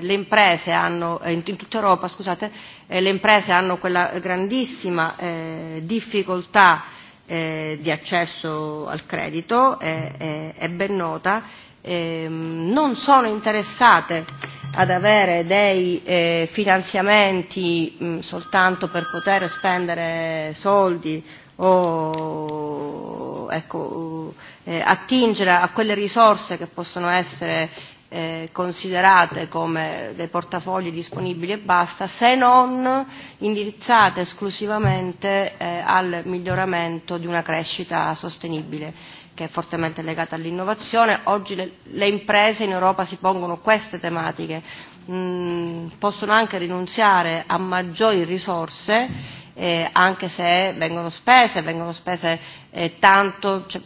le imprese hanno, in tutta Europa, scusate, le imprese hanno quella grandissima difficoltà di accesso al credito, è ben nota, non sono interessate ad avere dei finanziamenti soltanto per poter spendere soldi o ecco, attingere a quelle risorse che possono essere considerate come dei portafogli disponibili e basta, se non indirizzate esclusivamente al miglioramento di una crescita sostenibile che è fortemente legata all'innovazione. Oggi le imprese in Europa si pongono queste tematiche, possono anche rinunziare a maggiori risorse anche se vengono spese, vengono spese tanto, c'è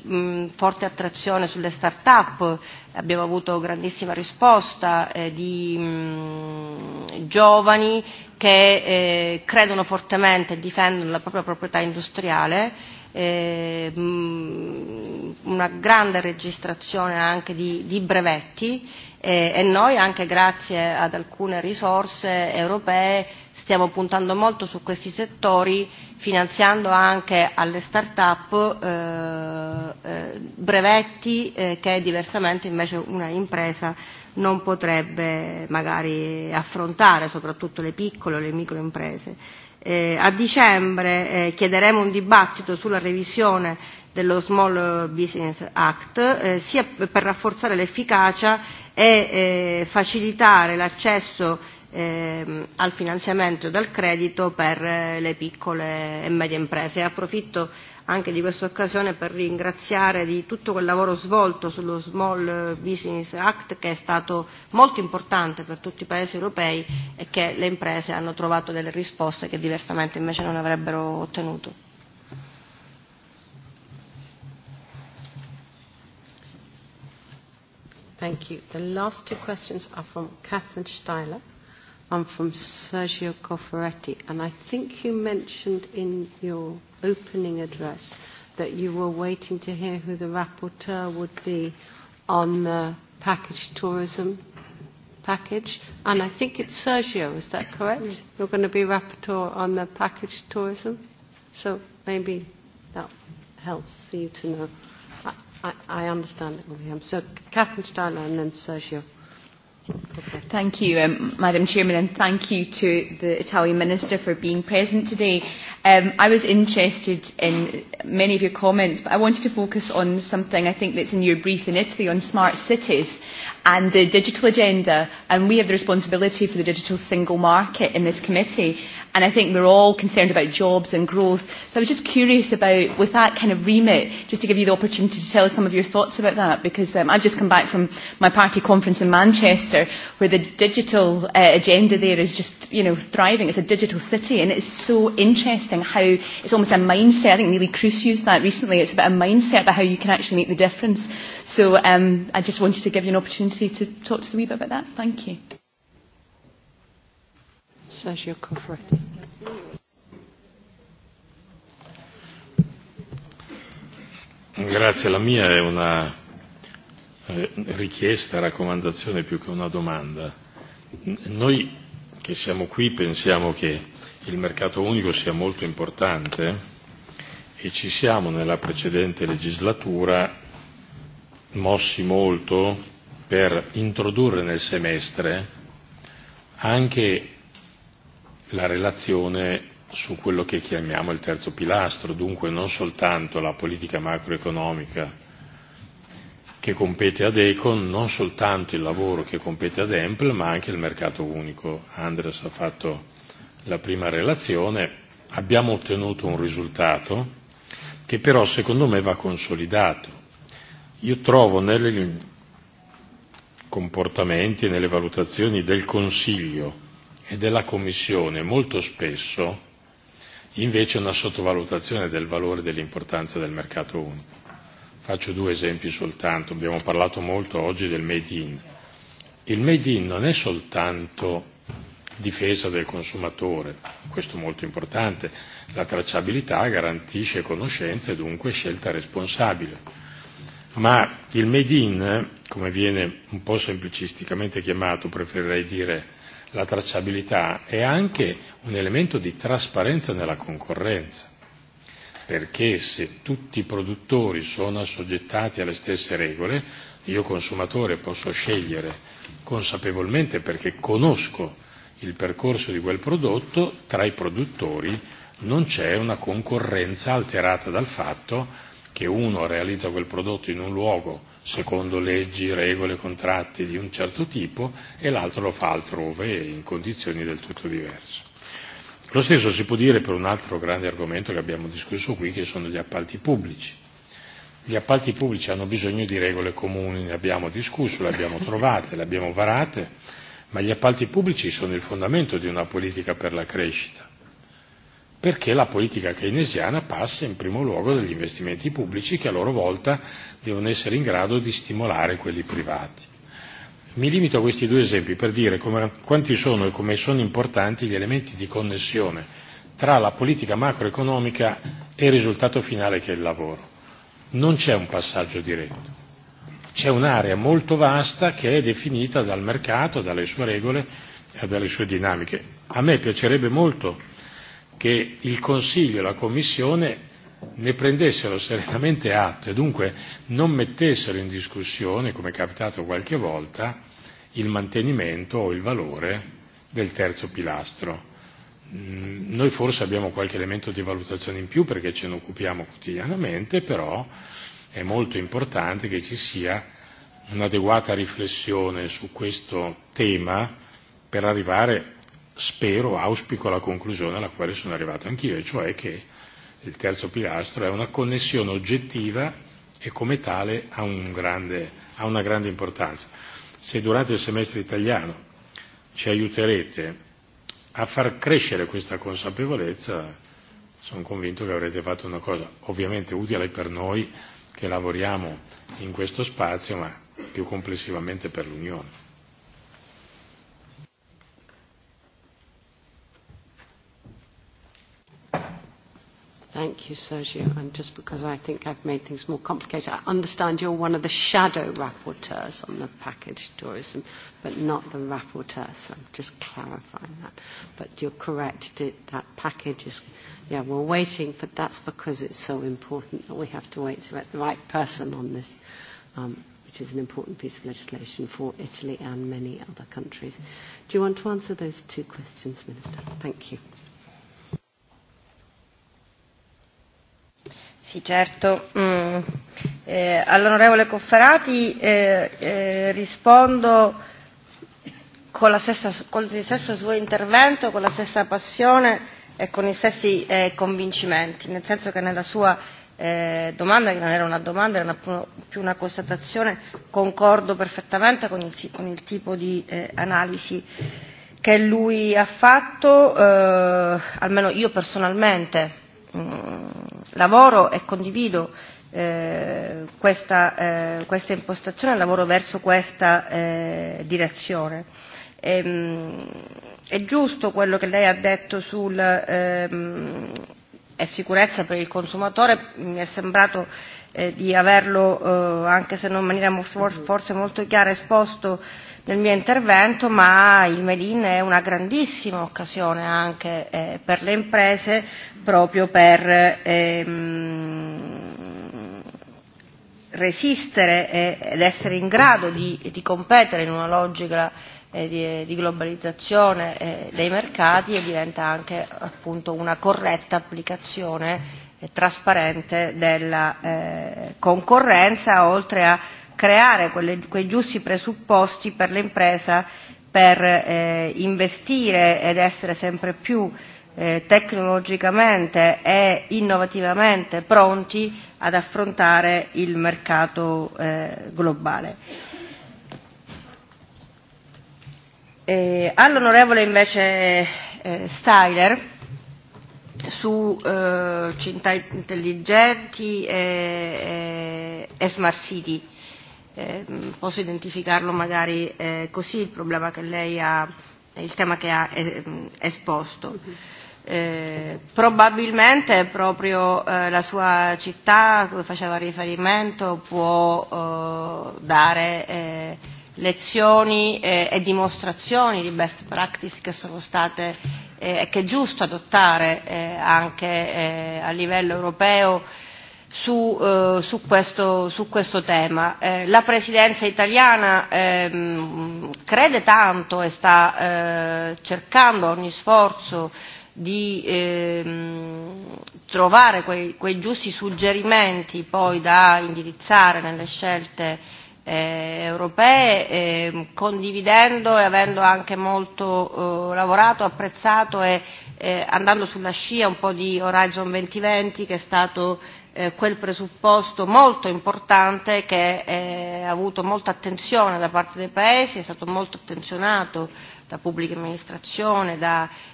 forte attrazione sulle start-up, abbiamo avuto grandissima risposta di giovani che credono fortemente e difendono la propria proprietà industriale una grande registrazione anche di, di brevetti e noi anche grazie ad alcune risorse europee stiamo puntando molto su questi settori, finanziando anche alle start-up brevetti che diversamente invece una impresa non potrebbe magari affrontare, soprattutto le piccole o le microimprese. A dicembre chiederemo un dibattito sulla revisione dello Small Business Act, sia per rafforzare l'efficacia e facilitare l'accesso al finanziamento e dal credito per le piccole e medie imprese. Approfitto anche di questa occasione per ringraziare di tutto quel lavoro svolto sullo Small Business Act che è stato molto importante per tutti i paesi europei e che le imprese hanno trovato delle risposte che diversamente invece non avrebbero ottenuto. Thank you. The last two questions are from Catherine Steiler. I'm from Sergio Cofferetti. And I think you mentioned in your opening address that you were waiting to hear who the rapporteur would be on the package tourism package. And I think it's Sergio, is that correct? You're going to be rapporteur on the package tourism? So maybe that helps for you to know. I, I understand it will be So Catherine Steiner and then Sergio. Thank you, Madam Chairman, and thank you to the Italian Minister for being present today. I was interested in many of your comments, but I wanted to focus on something I think that's in your brief in Italy on smart cities and the digital agenda, and we have the responsibility for the digital single market in this committee. And I think we're all concerned about jobs and growth. So I was just curious about, with that kind of remit, just to give you the opportunity to tell us some of your thoughts about that, because I've just come back from my party conference in Manchester, where the digital agenda there is just, you know, thriving. It's a digital city, and it's so interesting how it's almost a mindset. I think Neely Cruz used that recently. It's about a mindset about how you can actually make the difference. So I just wanted to give you an opportunity opportunity to talk to us about that. Thank you. Grazie, la mia è una richiesta, raccomandazione più che una domanda. Noi che siamo qui pensiamo che il mercato unico sia molto importante e ci siamo nella precedente legislatura mossi molto per introdurre nel semestre anche la relazione su quello che chiamiamo il terzo pilastro, dunque non soltanto la politica macroeconomica che compete ad Econ, non soltanto il lavoro che compete ad Empl, ma anche il mercato unico. Andres ha fatto la prima relazione, abbiamo ottenuto un risultato che però secondo me va consolidato. Io trovo nelle, comportamenti e nelle valutazioni del Consiglio e della Commissione molto spesso invece una sottovalutazione del valore e dell'importanza del mercato unico. Faccio due esempi soltanto, abbiamo parlato molto oggi del made in. Il made in non è soltanto difesa del consumatore, questo è molto importante, la tracciabilità garantisce conoscenza e dunque scelta responsabile ma il made in, come viene un po' semplicisticamente chiamato, preferirei dire la tracciabilità, è anche un elemento di trasparenza nella concorrenza, perché se tutti i produttori sono assoggettati alle stesse regole, io consumatore posso scegliere consapevolmente perché conosco il percorso di quel prodotto, tra i produttori non c'è una concorrenza alterata dal fatto che uno realizza quel prodotto in un luogo secondo leggi, regole, contratti di un certo tipo e l'altro lo fa altrove in condizioni del tutto diverse. Lo stesso si può dire per un altro grande argomento che abbiamo discusso qui, che sono gli appalti pubblici. Gli appalti pubblici hanno bisogno di regole comuni, ne abbiamo discusso, le abbiamo trovate, le abbiamo varate, ma gli appalti pubblici sono il fondamento di una politica per la crescita perché la politica keynesiana passa in primo luogo dagli investimenti pubblici che a loro volta devono essere in grado di stimolare quelli privati. Mi limito a questi due esempi per dire come quanti sono e come sono importanti gli elementi di connessione tra la politica macroeconomica e il risultato finale che è il lavoro. Non c'è un passaggio diretto. C'è un'area molto vasta che è definita dal mercato, dalle sue regole e dalle sue dinamiche. A me piacerebbe molto che il Consiglio e la Commissione ne prendessero serenamente atto e dunque non mettessero in discussione, come è capitato qualche volta, il mantenimento o il valore del terzo pilastro. Noi forse abbiamo qualche elemento di valutazione in più perché ce ne occupiamo quotidianamente, però è molto importante che ci sia un'adeguata riflessione su questo tema per arrivare spero, auspico la conclusione alla quale sono arrivato anch'io, e cioè che il terzo pilastro è una connessione oggettiva e come tale ha, un grande, ha una grande importanza. Se durante il semestre italiano ci aiuterete a far crescere questa consapevolezza, sono convinto che avrete fatto una cosa ovviamente utile per noi che lavoriamo in questo spazio, ma più complessivamente per l'Unione. Thank you, Sergio. And just because I think I've made things more complicated, I understand you're one of the shadow rapporteurs on the package tourism, but not the rapporteur. So I'm just clarifying that. But you're correct. That package is, yeah, we're waiting, but that's because it's so important that we have to wait to get the right person on this, um, which is an important piece of legislation for Italy and many other countries. Do you want to answer those two questions, Minister? Thank you. Sì, certo. All'onorevole Cofferati rispondo con la stessa con il stesso suo intervento, con la stessa passione e con i stessi convincimenti, nel senso che nella sua domanda, che non era una domanda, era più una constatazione, concordo perfettamente con il, con il tipo di analisi che lui ha fatto, almeno io personalmente lavoro e condivido questa questa impostazione lavoro verso questa direzione è giusto quello che lei ha detto sul sicurezza per il consumatore mi è sembrato di averlo anche se non in maniera forse molto chiara esposto del mio intervento, ma il Made è una grandissima occasione anche per le imprese proprio per resistere ed essere in grado di, di competere in una logica di, globalizzazione dei mercati e diventa anche appunto una corretta applicazione eh, trasparente della concorrenza oltre a creare quei giusti presupposti per l'impresa per investire ed essere sempre più tecnologicamente e innovativamente pronti ad affrontare il mercato globale. All'onorevole invece Styler su città intelligenti e smart city posso identificarlo magari così il problema che lei ha il tema che ha esposto probabilmente proprio la sua città cui faceva riferimento può dare lezioni e dimostrazioni di best practice che sono state e che è giusto adottare anche a livello europeo su, su, questo, su questo tema. la Presidenza italiana crede tanto e sta cercando ogni sforzo di trovare quei, quei giusti suggerimenti poi da indirizzare nelle scelte europee, condividendo e avendo anche molto lavorato, apprezzato e andando sulla scia un po' di Horizon 2020 che è stato quel presupposto molto importante che ha avuto molta attenzione da parte dei paesi, è stato molto attenzionato da pubblica amministrazione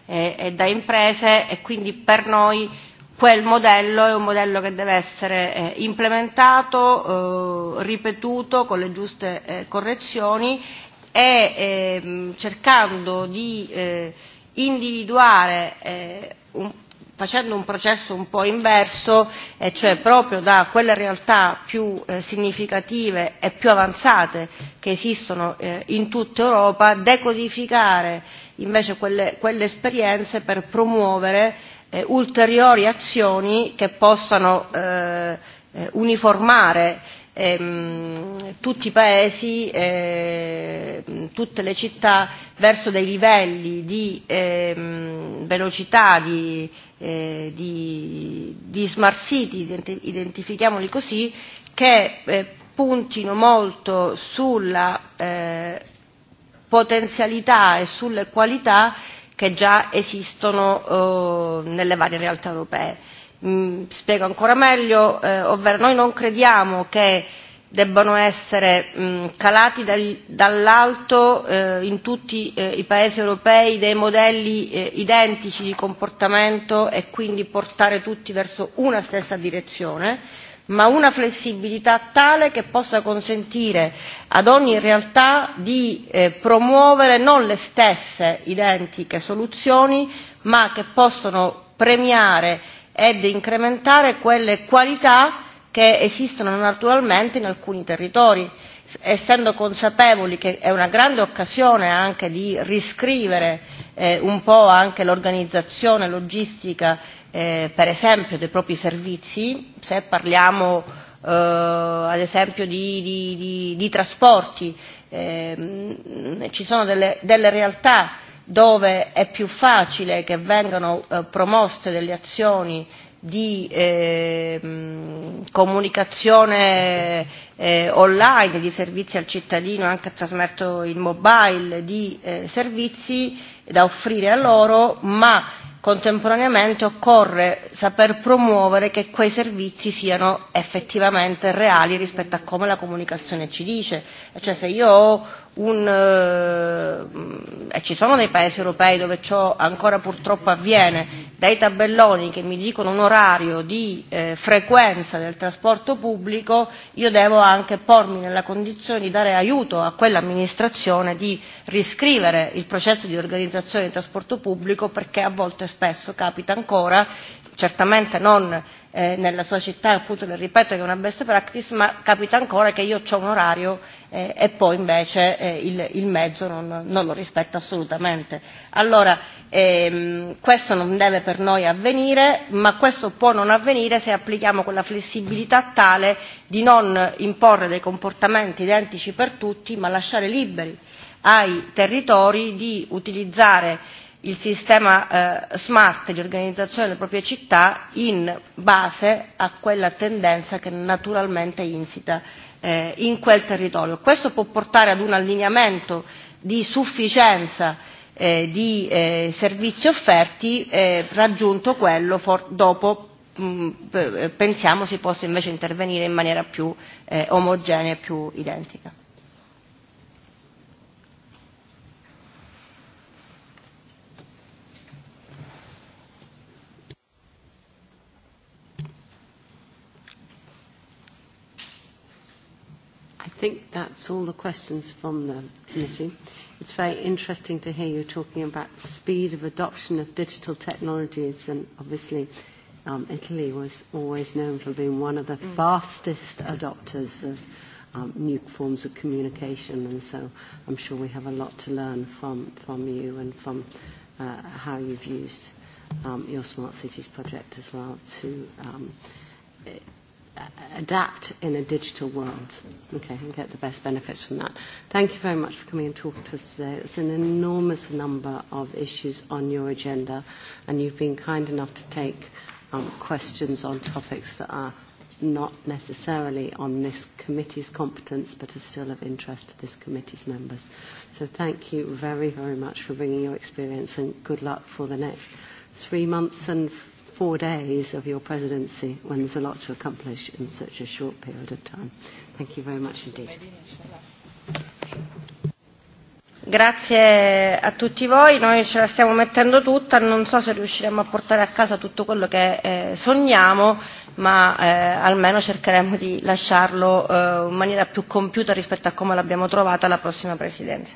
e da imprese e quindi per noi quel modello è un modello che deve essere implementato, ripetuto con le giuste correzioni e cercando di individuare un facendo un processo un po' inverso, e cioè proprio da quelle realtà più significative e più avanzate che esistono in tutta Europa, decodificare invece quelle esperienze per promuovere ulteriori azioni che possano uniformare tutti i paesi, tutte le città verso dei livelli di velocità, di di, di smart city, identifichiamoli così, che puntino molto sulla potenzialità e sulle qualità che già esistono nelle varie realtà europee. Spiego ancora meglio, ovvero noi non crediamo che debbano essere calati dall'alto in tutti i paesi europei dei modelli identici di comportamento e quindi portare tutti verso una stessa direzione, ma una flessibilità tale che possa consentire ad ogni realtà di promuovere non le stesse identiche soluzioni, ma che possono premiare ed incrementare quelle qualità che esistono naturalmente in alcuni territori, essendo consapevoli che è una grande occasione anche di riscrivere un po' anche l'organizzazione logistica, per esempio, dei propri servizi, se parliamo ad esempio di trasporti, ci sono delle realtà dove è più facile che vengano promosse delle azioni di comunicazione online, di servizi al cittadino anche trasmetto il mobile, di servizi da offrire a loro, ma contemporaneamente occorre saper promuovere che quei servizi siano effettivamente reali rispetto a come la comunicazione ci dice. Cioè se io ho e ci sono dei paesi europei dove ciò ancora purtroppo avviene dei tabelloni che mi dicono un orario di frequenza del trasporto pubblico io devo anche pormi nella condizione di dare aiuto a quell'amministrazione di riscrivere il processo di organizzazione del trasporto pubblico perché a volte spesso capita ancora certamente non nella sua città appunto le ripeto che è una best practice ma capita ancora che io ho un orario e poi invece il mezzo non lo rispetta assolutamente. Allora questo non deve per noi avvenire, ma questo può non avvenire se applichiamo quella flessibilità tale di non imporre dei comportamenti identici per tutti, ma lasciare liberi ai territori di utilizzare il sistema smart di organizzazione delle proprie città in base a quella tendenza che naturalmente insita in quel territorio. Questo può portare ad un allineamento di sufficienza di servizi offerti raggiunto quello dopo pensiamo si possa invece intervenire in maniera più omogenea e più identica. think that's all the questions from the committee. It's very interesting to hear you talking about speed of adoption of digital technologies and obviously um, Italy was always known for being one of the fastest adopters of um, new forms of communication and so I'm sure we have a lot to learn from, from you and from uh, how you've used um, your Smart Cities project as well to um, adapt in a digital world okay, and get the best benefits from that. Thank you very much for coming and talking to us today. It's an enormous number of issues on your agenda, and you've been kind enough to take um, questions on topics that are not necessarily on this committee's competence but are still of interest to this committee's members. So thank you very, very much for bringing your experience and good luck for the next three months and four days of your presidency when there's a lot to accomplish in such a short period of time. Thank you very much indeed. Grazie a tutti voi, noi ce la stiamo mettendo tutta, non so se riusciremo a portare a casa tutto quello che sogniamo, ma almeno cercheremo di lasciarlo in maniera più compiuta rispetto a come l'abbiamo trovata la prossima presidenza.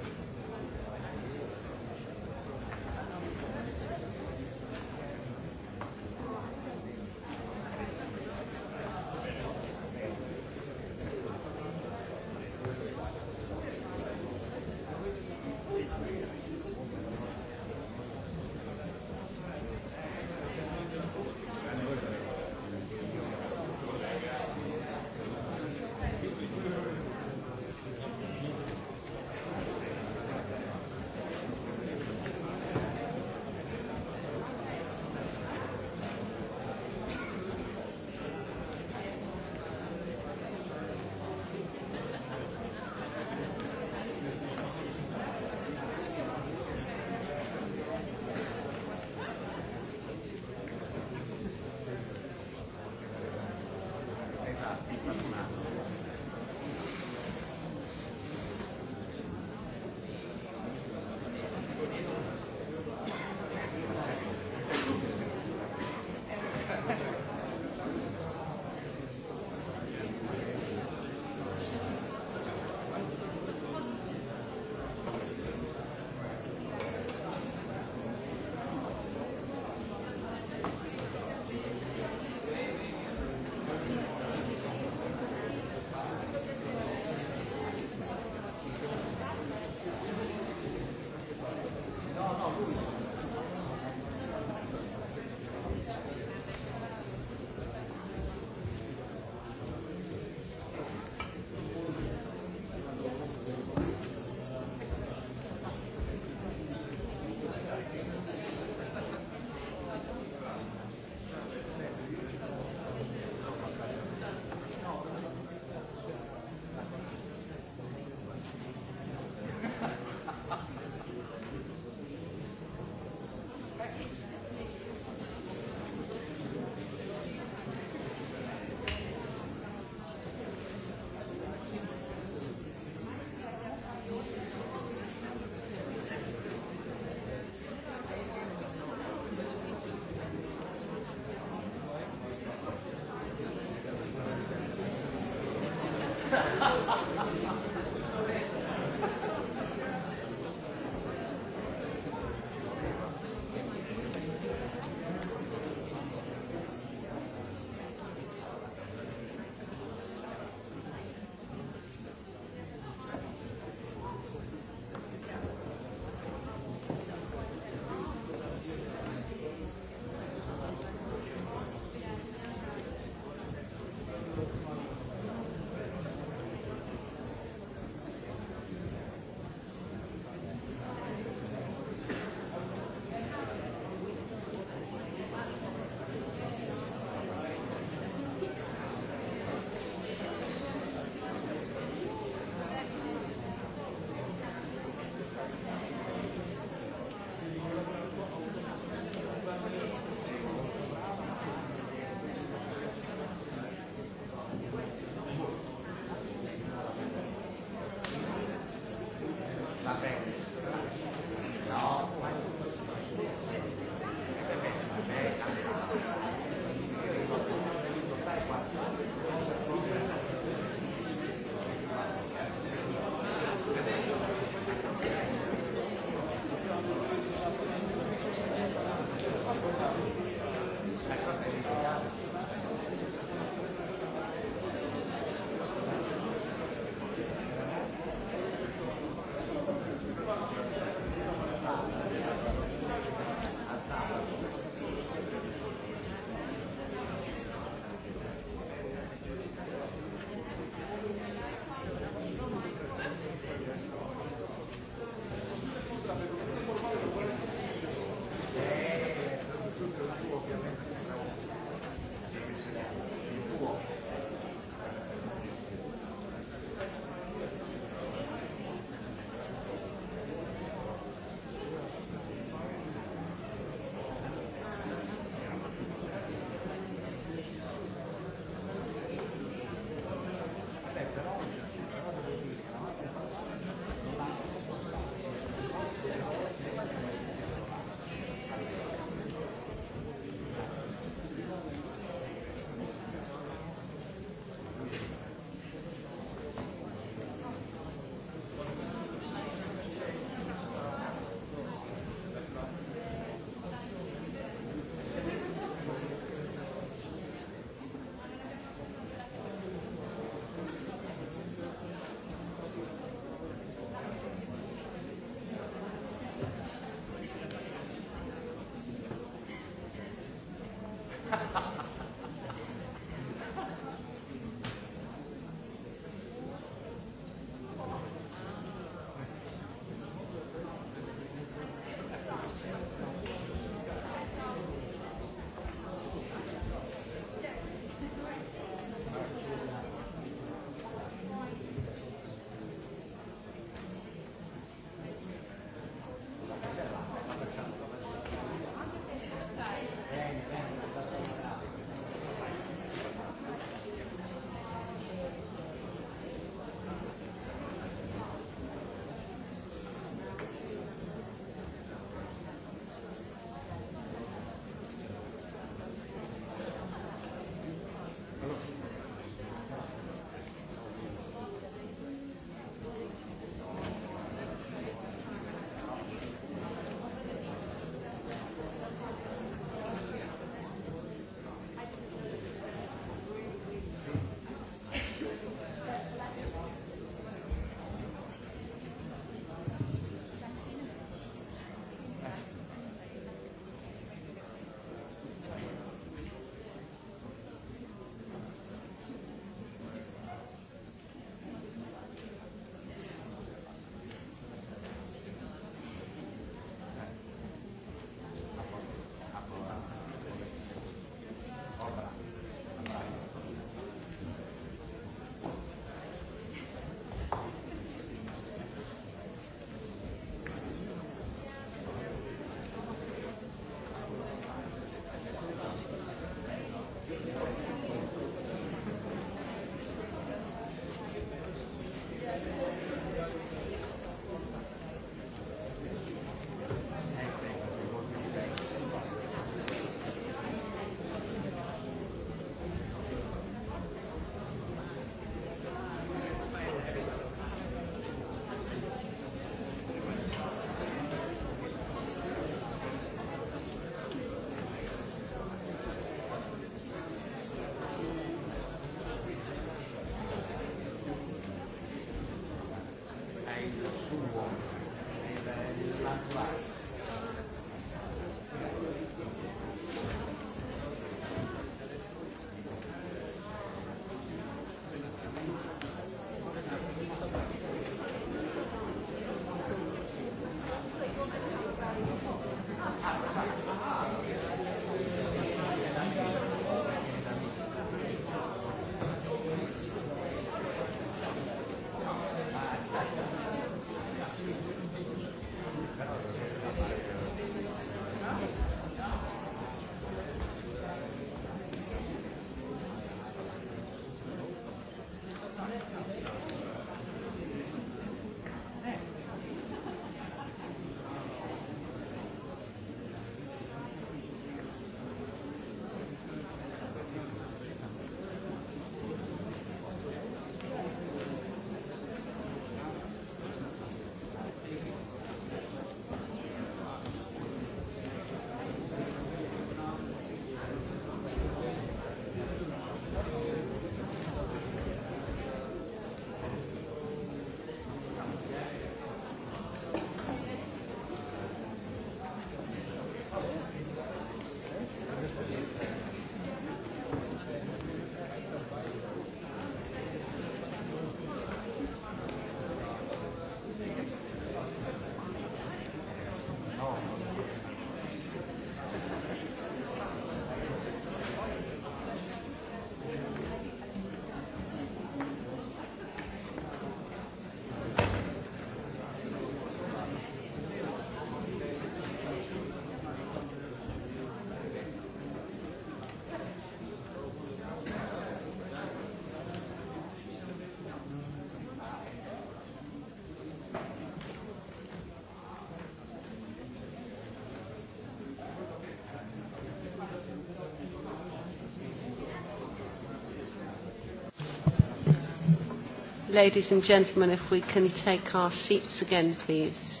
Ladies and gentlemen, if we can take our seats again, please.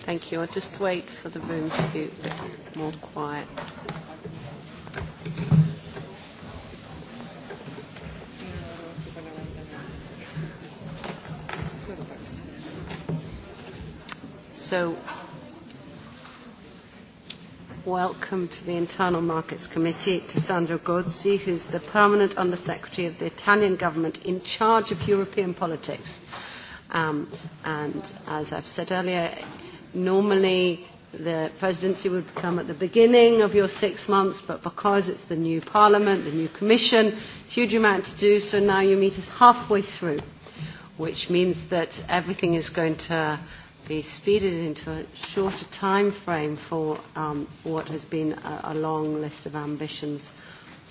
Thank you. I'll just wait for the room to be more quiet. So welcome to the Internal Markets Committee to Sandro Gozzi, who's the permanent Undersecretary of the Italian government in charge of European politics. Um, and as I've said earlier, normally the presidency would come at the beginning of your six months, but because it's the new parliament, the new commission, huge amount to do, so now you meet us halfway through, which means that everything is going to be speeded into a shorter time frame for um, what has been a, a long list of ambitions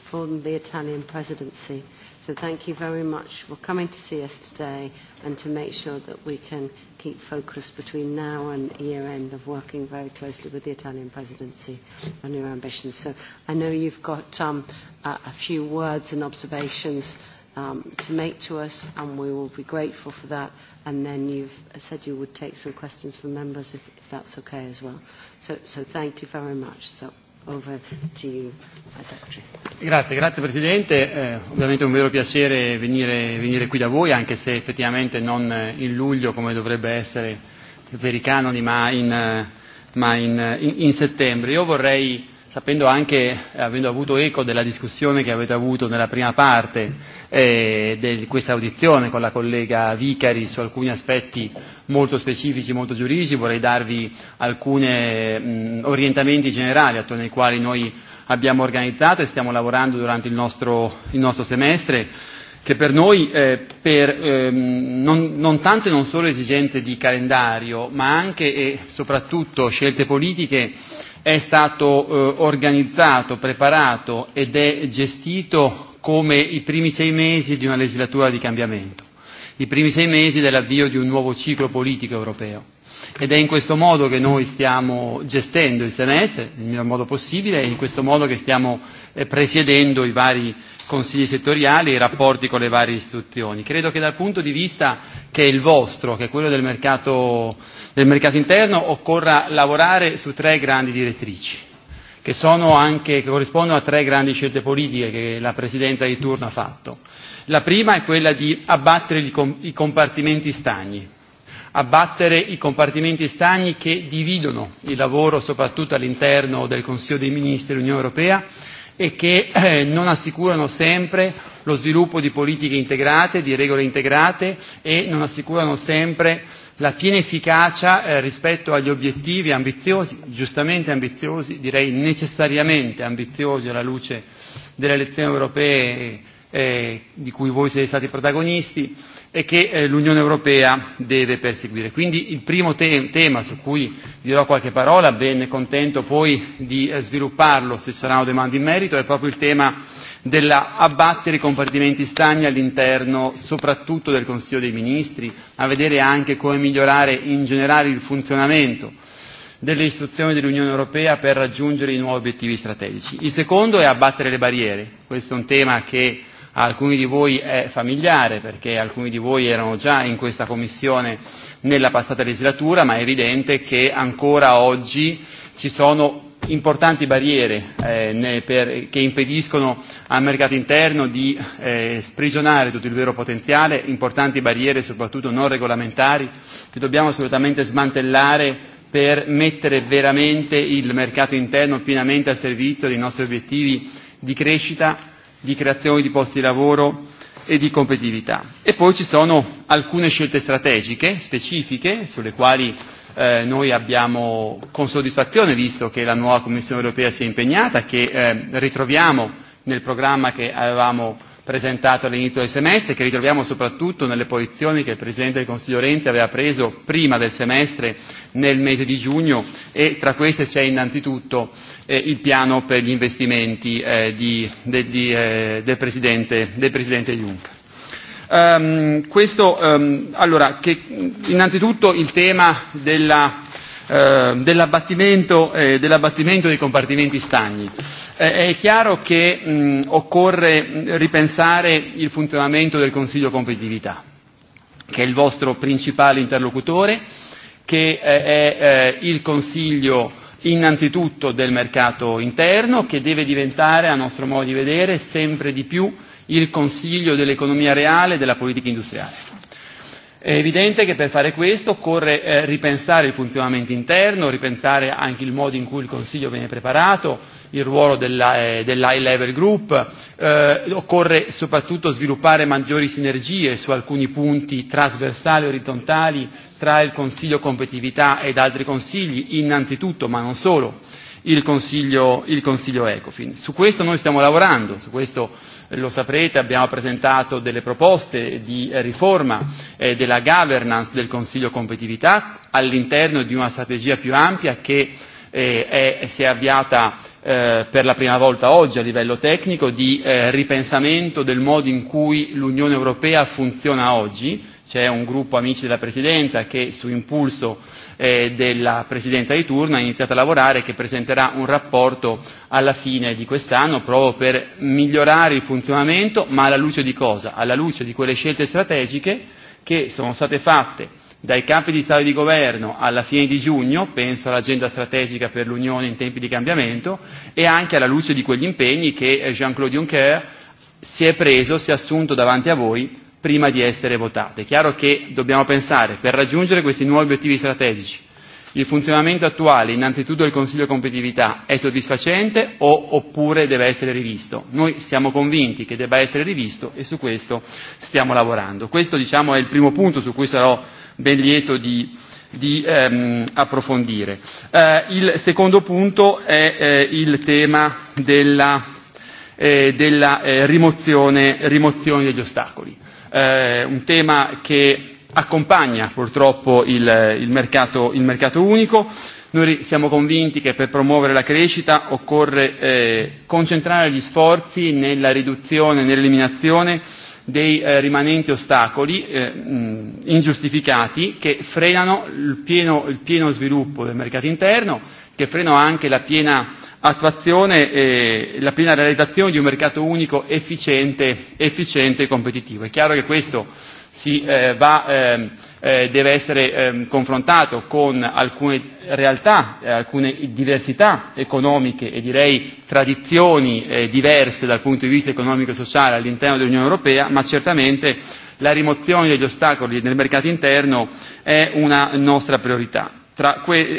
from the Italian presidency. So thank you very much for coming to see us today and to make sure that we can keep focus between now and year end of working very closely with the Italian presidency on your ambitions. So I know you've got um, a few words and observations um, to make to us, and we will be grateful for that. And then you've said you would take some questions from members, if that's okay as well. So so thank you very much. So over to you, Secretary. Grazie, grazie Presidente. Ovviamente è un vero piacere venire venire qui da voi, anche se effettivamente non in luglio come dovrebbe essere per i canoni, ma in settembre. Io vorrei sapendo anche, avendo avuto eco della discussione che avete avuto nella prima parte di questa audizione con la collega Vicari su alcuni aspetti molto specifici, molto giuridici, vorrei darvi alcuni orientamenti generali attorno ai quali noi abbiamo organizzato e stiamo lavorando durante il nostro, il nostro semestre che per noi per non non tanto e non solo esigenze di calendario ma anche e soprattutto scelte politiche è stato organizzato, preparato ed è gestito come i primi sei mesi di una legislatura di cambiamento, i primi sei mesi dell'avvio di un nuovo ciclo politico europeo. Ed è in questo modo che noi stiamo gestendo il semestre, nel miglior modo possibile, e in questo modo che stiamo presiedendo i vari consigli settoriali e i rapporti con le varie istituzioni. Credo che dal punto di vista che è il vostro, che è quello del mercato nel mercato interno occorra lavorare su tre grandi direttrici, che, sono anche, che corrispondono a tre grandi scelte politiche che la Presidenta di turno ha fatto. La prima è quella di abbattere i compartimenti stagni, abbattere i compartimenti stagni che dividono il lavoro soprattutto all'interno del Consiglio dei Ministri dell'Unione Europea e che non assicurano sempre lo sviluppo di politiche integrate, di regole integrate e non assicurano sempre la piena efficacia rispetto agli obiettivi ambiziosi, giustamente ambiziosi, direi necessariamente ambiziosi alla luce delle elezioni europee di cui voi siete stati protagonisti e che l'Unione Europea deve perseguire. Quindi il primo tema su cui dirò qualche parola, ben contento poi di svilupparlo se saranno domande in merito, è proprio il tema abbattere i compartimenti stagni all'interno soprattutto del Consiglio dei Ministri, a vedere anche come migliorare in generale il funzionamento delle istituzioni dell'Unione Europea per raggiungere i nuovi obiettivi strategici. Il secondo è abbattere le barriere. Questo è un tema che a alcuni di voi è familiare perché alcuni di voi erano già in questa commissione nella passata legislatura, ma è evidente che ancora oggi ci sono importanti barriere che impediscono al mercato interno di sprigionare tutto il vero potenziale, importanti barriere soprattutto non regolamentari che dobbiamo assolutamente smantellare per mettere veramente il mercato interno pienamente al servizio dei nostri obiettivi di crescita, di creazione di posti di lavoro e di competitività. E poi ci sono alcune scelte strategiche specifiche sulle quali noi abbiamo con soddisfazione visto che la nuova Commissione europea si è impegnata, che ritroviamo nel programma che avevamo presentato all'inizio del semestre, che ritroviamo soprattutto nelle posizioni che il Presidente del Consiglio Renzi aveva preso prima del semestre nel mese di giugno e tra queste c'è innanzitutto il piano per gli investimenti del Presidente Juncker. Questo, allora, che innanzitutto il tema della dell'abbattimento dell'abbattimento dei compartimenti stagni. È chiaro che occorre ripensare il funzionamento del Consiglio Competitività, che è il vostro principale interlocutore, che è il Consiglio innanzitutto del mercato interno, che deve diventare, a nostro modo di vedere, sempre di più il Consiglio dell'economia reale e della politica industriale. È evidente che per fare questo occorre ripensare il funzionamento interno, ripensare anche il modo in cui il Consiglio viene preparato, il ruolo dell'High Level Group, occorre soprattutto sviluppare maggiori sinergie su alcuni punti trasversali e orizzontali tra il Consiglio competitività ed altri consigli, innanzitutto ma non solo il Consiglio, il Consiglio Ecofin. Su questo noi stiamo lavorando, su questo lo saprete abbiamo presentato delle proposte di riforma della governance del Consiglio Competitività all'interno di una strategia più ampia che è, si è avviata per la prima volta oggi a livello tecnico di ripensamento del modo in cui l'Unione Europea funziona oggi. C'è un gruppo amici della Presidenta che su impulso della Presidenza di turno ha iniziato a lavorare e che presenterà un rapporto alla fine di quest'anno proprio per migliorare il funzionamento ma alla luce di cosa? Alla luce di quelle scelte strategiche che sono state fatte dai capi di Stato e di Governo alla fine di giugno, penso all'agenda strategica per l'Unione in tempi di cambiamento e anche alla luce di quegli impegni che Jean-Claude Juncker si è preso, si è assunto davanti a voi prima di essere votate. È chiaro che dobbiamo pensare, per raggiungere questi nuovi obiettivi strategici, il funzionamento attuale, innanzitutto del Consiglio Competitività, è soddisfacente o oppure deve essere rivisto. Noi siamo convinti che debba essere rivisto e su questo stiamo lavorando. Questo diciamo è il primo punto su cui sarò ben lieto di di approfondire. Il secondo punto è il tema della rimozione degli ostacoli un tema che accompagna purtroppo il, il, mercato, il mercato unico. Noi siamo convinti che per promuovere la crescita occorre concentrare gli sforzi nella riduzione, e nell'eliminazione dei rimanenti ostacoli ingiustificati che frenano il pieno, il pieno sviluppo del mercato interno che freno anche la piena attuazione e la piena realizzazione di un mercato unico efficiente efficiente e competitivo. È chiaro che questo si va deve essere confrontato con alcune realtà, alcune diversità economiche e direi tradizioni diverse dal punto di vista economico e sociale all'interno dell'Unione Europea, ma certamente la rimozione degli ostacoli nel mercato interno è una nostra priorità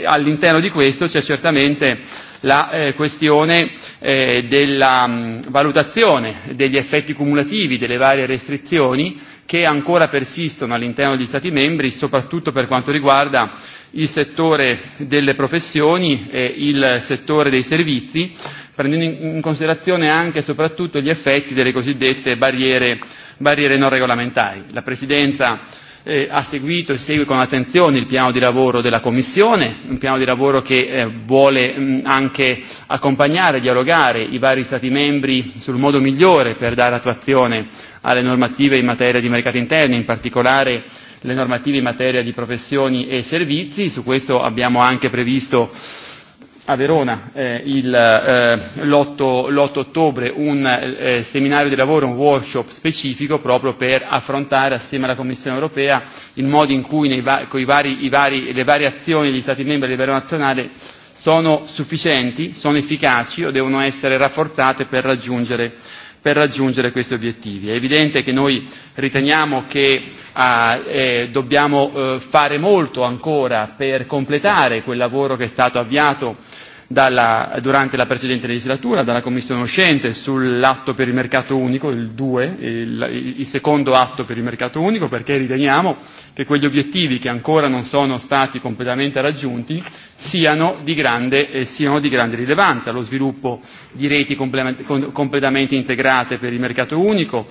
all'interno di questo c'è certamente la questione della valutazione degli effetti cumulativi delle varie restrizioni che ancora persistono all'interno degli Stati membri, soprattutto per quanto riguarda il settore delle professioni e il settore dei servizi, prendendo in considerazione anche e soprattutto gli effetti delle cosiddette barriere non regolamentari. La Presidenza ha seguito e segue con attenzione il piano di lavoro della Commissione, un piano di lavoro che vuole anche accompagnare, e dialogare i vari Stati membri sul modo migliore per dare attuazione alle normative in materia di mercato interni, in particolare le normative in materia di professioni e servizi. Su questo abbiamo anche previsto a Verona l'8 ottobre un seminario di lavoro, un workshop specifico proprio per affrontare assieme alla Commissione europea il modo in cui le varie azioni degli Stati membri a livello nazionale sono sufficienti, sono efficaci o devono essere rafforzate per raggiungere per raggiungere questi obiettivi. È evidente che noi riteniamo che dobbiamo fare molto ancora per completare quel lavoro che è stato avviato dalla, durante la precedente legislatura dalla Commissione uscente sull'atto per il mercato unico, il 2, il, secondo atto per il mercato unico, perché riteniamo che quegli obiettivi che ancora non sono stati completamente raggiunti siano di grande, siano di grande rilevanza, lo sviluppo di reti completamente integrate per il mercato unico,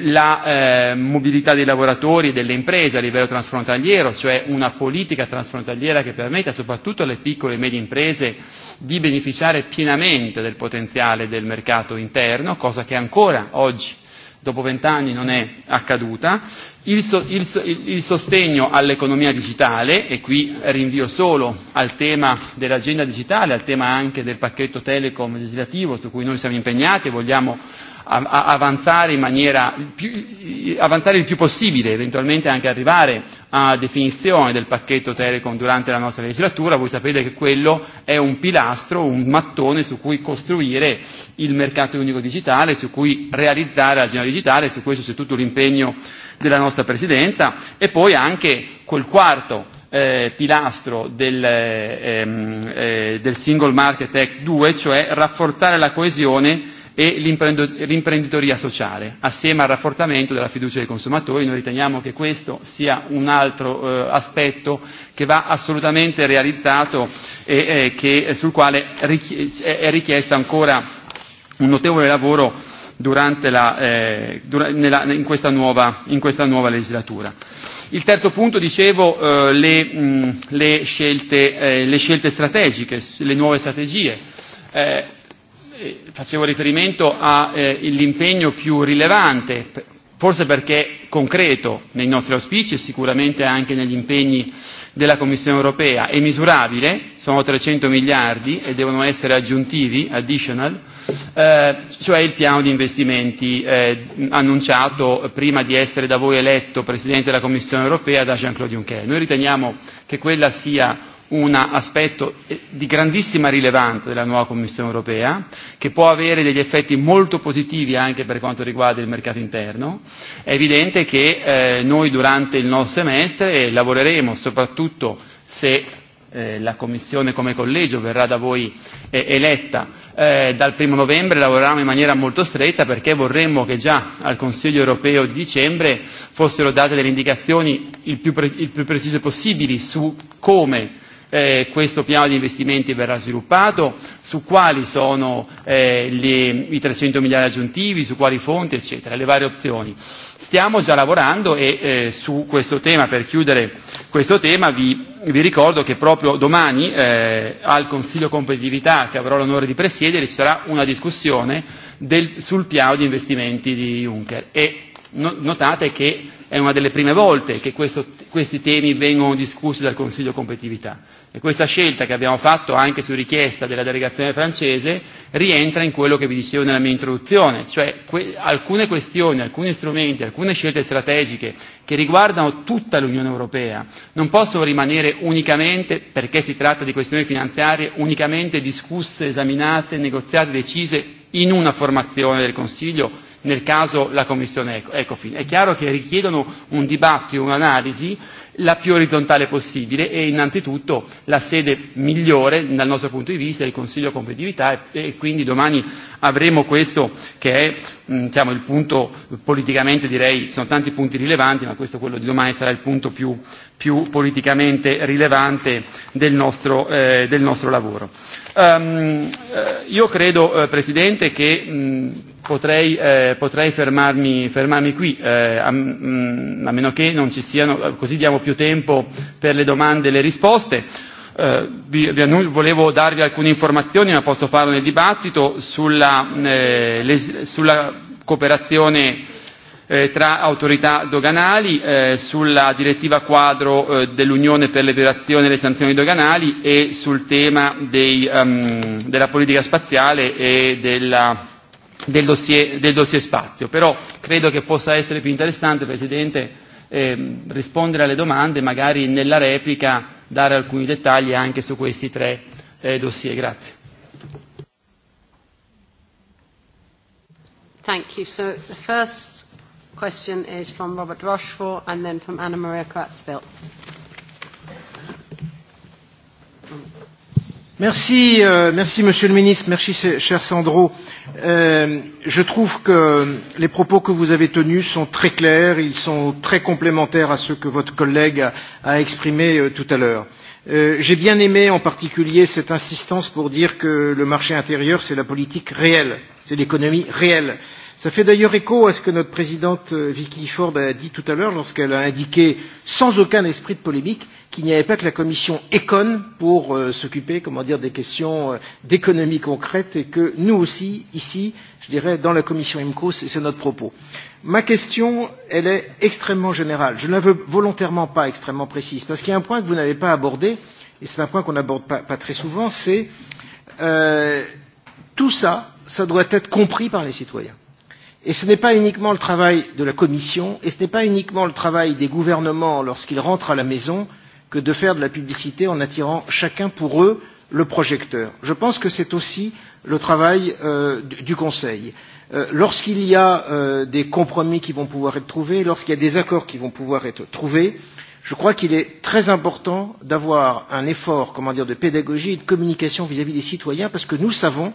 la mobilità dei lavoratori e delle imprese a livello transfrontaliero, cioè una politica transfrontaliera che permetta soprattutto alle piccole e medie imprese di beneficiare pienamente del potenziale del mercato interno, cosa che ancora oggi dopo vent'anni non è accaduta, il sostegno all'economia digitale e qui rinvio solo al tema dell'agenda digitale, al tema anche del pacchetto telecom legislativo su cui noi siamo impegnati e vogliamo avanzare in maniera avanzare il più possibile, eventualmente anche arrivare a definizione del pacchetto Telecom durante la nostra legislatura, voi sapete che quello è un pilastro, un mattone su cui costruire il mercato unico digitale, su cui realizzare la zona digitale, su questo c'è tutto l'impegno della nostra Presidenza e poi anche quel quarto pilastro del Single Market Act 2, cioè rafforzare la coesione e l'imprenditoria sociale, assieme al rafforzamento della fiducia dei consumatori. Noi riteniamo che questo sia un altro aspetto che va assolutamente realizzato e che sul quale è richiesto ancora un notevole lavoro durante la in questa nuova in questa nuova legislatura. Il terzo punto dicevo le le scelte le scelte strategiche, le nuove strategie facevo riferimento all'impegno più rilevante, forse perché concreto nei nostri auspici e sicuramente anche negli impegni della Commissione europea, è misurabile, sono 300 miliardi e devono essere aggiuntivi, additional, cioè il piano di investimenti annunciato prima di essere da voi eletto Presidente della Commissione europea da Jean-Claude Juncker. Noi riteniamo che quella sia un aspetto di grandissima rilevanza della nuova Commissione europea, che può avere degli effetti molto positivi anche per quanto riguarda il mercato interno. È evidente che noi durante il nostro semestre lavoreremo, soprattutto se la Commissione come collegio verrà da voi eletta dal primo novembre lavoreremo in maniera molto stretta perché vorremmo che già al Consiglio europeo di dicembre fossero date delle indicazioni il più precise possibili su come questo piano di investimenti verrà sviluppato, su quali sono i 300 miliardi aggiuntivi, su quali fonti, eccetera, le varie opzioni. Stiamo già lavorando e su questo tema, per chiudere questo tema, vi vi ricordo che proprio domani al Consiglio Competitività, che avrò l'onore di presiedere, ci sarà una discussione sul piano di investimenti di Juncker e notate che è una delle prime volte che questi temi vengono discussi dal Consiglio Competitività. E questa scelta che abbiamo fatto anche su richiesta della delegazione francese rientra in quello che vi dicevo nella mia introduzione, cioè alcune questioni, alcuni strumenti, alcune scelte strategiche che riguardano tutta l'Unione Europea non possono rimanere unicamente, perché si tratta di questioni finanziarie, unicamente discusse, esaminate, negoziate, decise in una formazione del Consiglio, nel caso la Commissione Ecofin. È chiaro che richiedono un dibattito, un'analisi la più orizzontale possibile e innanzitutto la sede migliore dal nostro punto di vista è il Consiglio Competitività e quindi domani avremo questo che è diciamo il punto politicamente direi sono tanti punti rilevanti ma questo quello di domani sarà il punto più più politicamente rilevante del nostro del nostro lavoro io credo presidente che potrei potrei fermarmi fermarmi qui a meno che non ci siano così diamo più tempo per le domande e le risposte Volevo darvi alcune informazioni, ma posso farlo nel dibattito, sulla cooperazione tra autorità doganali, sulla direttiva quadro dell'Unione per le violazioni e le sanzioni doganali e sul tema della politica spaziale e del dossier spazio. Però credo che possa essere più interessante, Presidente, rispondere alle domande e magari nella replica dare alcuni dettagli anche su questi tre dossier. Grazie. Thank you. So the first question is from Robert Rochefort and then from Anna Maria Kratzfeldt. Merci, merci Monsieur le Ministre, merci cher Sandro. Je trouve que les propos que vous avez tenus sont très clairs, ils sont très complémentaires à ceux que votre collègue a exprimés tout à l'heure. J'ai bien aimé en particulier cette insistance pour dire que le marché intérieur, c'est la politique réelle, c'est l'économie réelle Ça fait d'ailleurs écho à ce que notre présidente Vicky Ford a dit tout à l'heure lorsqu'elle a indiqué, sans aucun esprit de polémique, qu'il n'y avait pas que la commission Econ pour s'occuper, comment dire, des questions d'économie concrète et que nous aussi, ici, je dirais, dans la commission IMCO, c'est notre propos. Ma question, elle est extrêmement générale. Je ne la veux volontairement pas extrêmement précise parce qu'il y a un point que vous n'avez pas abordé et c'est un point qu'on n'aborde pas, pas très souvent, c'est euh, tout ça, ça doit être compris par les citoyens. Et ce n'est pas uniquement le travail de la Commission, et ce n'est pas uniquement le travail des gouvernements lorsqu'ils rentrent à la maison que de faire de la publicité en attirant chacun pour eux le projecteur. Je pense que c'est aussi le travail du Conseil. Lorsqu'il y a des compromis qui vont pouvoir être trouvés, lorsqu'il y a des accords qui vont pouvoir être trouvés, je crois qu'il est très important d'avoir un effort comment dire, de pédagogie et de communication vis-à-vis des citoyens, parce que nous savons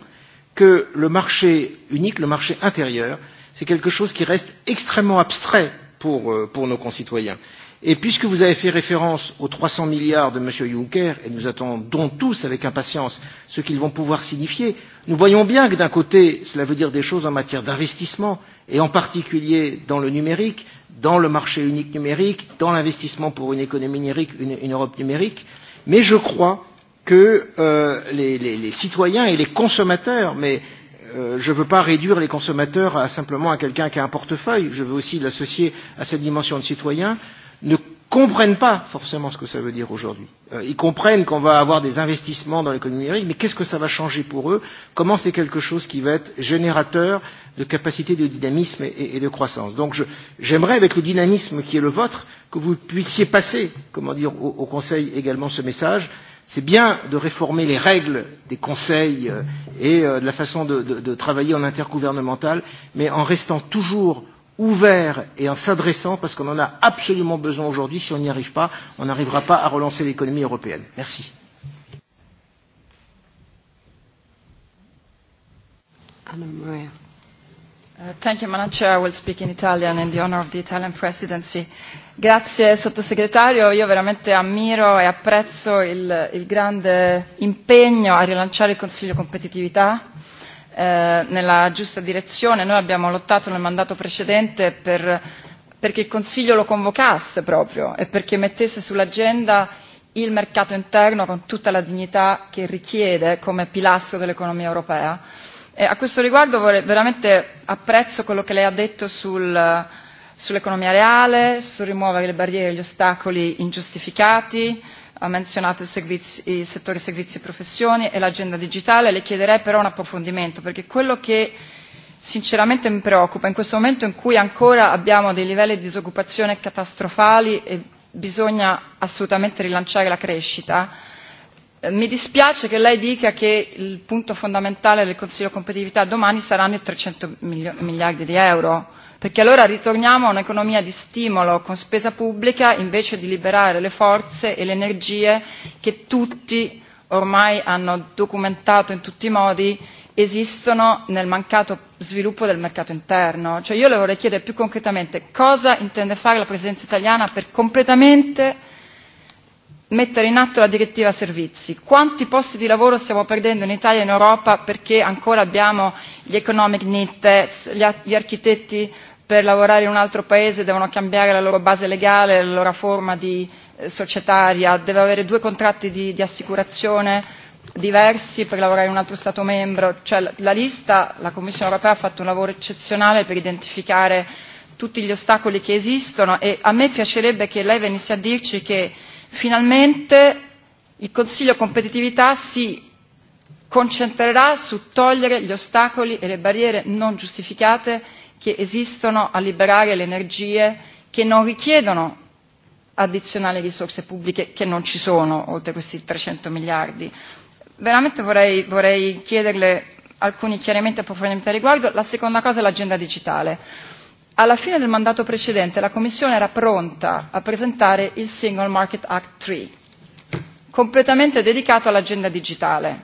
que le marché unique, le marché intérieur, c'est quelque chose qui reste extrêmement abstrait pour, pour nos concitoyens. Et puisque vous avez fait référence aux 300 milliards de M. Juncker, et nous attendons tous avec impatience ce qu'ils vont pouvoir signifier, nous voyons bien que d'un côté, cela veut dire des choses en matière d'investissement, et en particulier dans le numérique, dans le marché unique numérique, dans l'investissement pour une économie numérique, une, une Europe numérique, mais je crois que les, les, les citoyens et les consommateurs, mais je ne veux pas réduire les consommateurs à simplement à quelqu'un qui a un portefeuille, je veux aussi l'associer à cette dimension de citoyen, ne comprennent pas forcément ce que ça veut dire aujourd'hui. Ils comprennent qu'on va avoir des investissements dans l'économie numérique, mais qu'est-ce que ça va changer pour eux Comment c'est quelque chose qui va être générateur de capacité de dynamisme et de croissance Donc j'aimerais, avec le dynamisme qui est le vôtre, que vous puissiez passer, comment dire, au Conseil également ce message C'est bien de réformer les règles des conseils et de la façon de travailler en intergouvernemental, mais en restant toujours ouvert et en s'adressant, parce qu'on en a absolument besoin aujourd'hui. Si on n'y arrive pas, on n'arrivera pas à relancer l'économie européenne. Merci. Thank you, Madam Chair. I will speak in Italian in the honor of the Italian presidency. Grazie sottosegretario, io veramente ammiro e apprezzo il, il grande impegno a rilanciare il Consiglio competitività nella giusta direzione. Noi abbiamo lottato nel mandato precedente per, perché il Consiglio lo convocasse proprio e perché mettesse sull'agenda il mercato interno con tutta la dignità che richiede come pilastro dell'economia europea A questo riguardo veramente apprezzo quello che lei ha detto sull'economia reale, sul rimuovere le barriere e gli ostacoli ingiustificati, ha menzionato i settore servizi e professioni e l'agenda digitale, le chiederei però un approfondimento perché quello che sinceramente mi preoccupa in questo momento in cui ancora abbiamo dei livelli di disoccupazione catastrofali e bisogna assolutamente rilanciare la crescita, mi dispiace che lei dica che il punto fondamentale del Consiglio competitività domani saranno i 300 miliardi di euro, perché allora ritorniamo a un'economia di stimolo con spesa pubblica invece di liberare le forze e le energie che tutti ormai hanno documentato in tutti i modi esistono nel mancato sviluppo del mercato interno. Cioè io le vorrei chiedere più concretamente cosa intende fare la Presidenza italiana per completamente mettere in atto la direttiva servizi quanti posti di lavoro stiamo perdendo in Italia e in Europa perché ancora abbiamo gli economic needs, gli architetti per lavorare in un altro paese devono cambiare la loro base legale la loro forma di societaria deve avere due contratti di assicurazione diversi per lavorare in un altro stato membro cioè la lista la Commissione europea ha fatto un lavoro eccezionale per identificare tutti gli ostacoli che esistono e a me piacerebbe che lei venisse a dirci che Finalmente il Consiglio competitività si concentrerà su togliere gli ostacoli e le barriere non giustificate che esistono a liberare le energie che non richiedono addizionali risorse pubbliche che non ci sono oltre questi 300 miliardi. Veramente vorrei, vorrei chiederle alcuni chiarimenti e approfondimenti a riguardo. La seconda cosa è l'agenda digitale alla fine del mandato precedente la commissione era pronta a presentare il single market act 3 completamente dedicato all'agenda digitale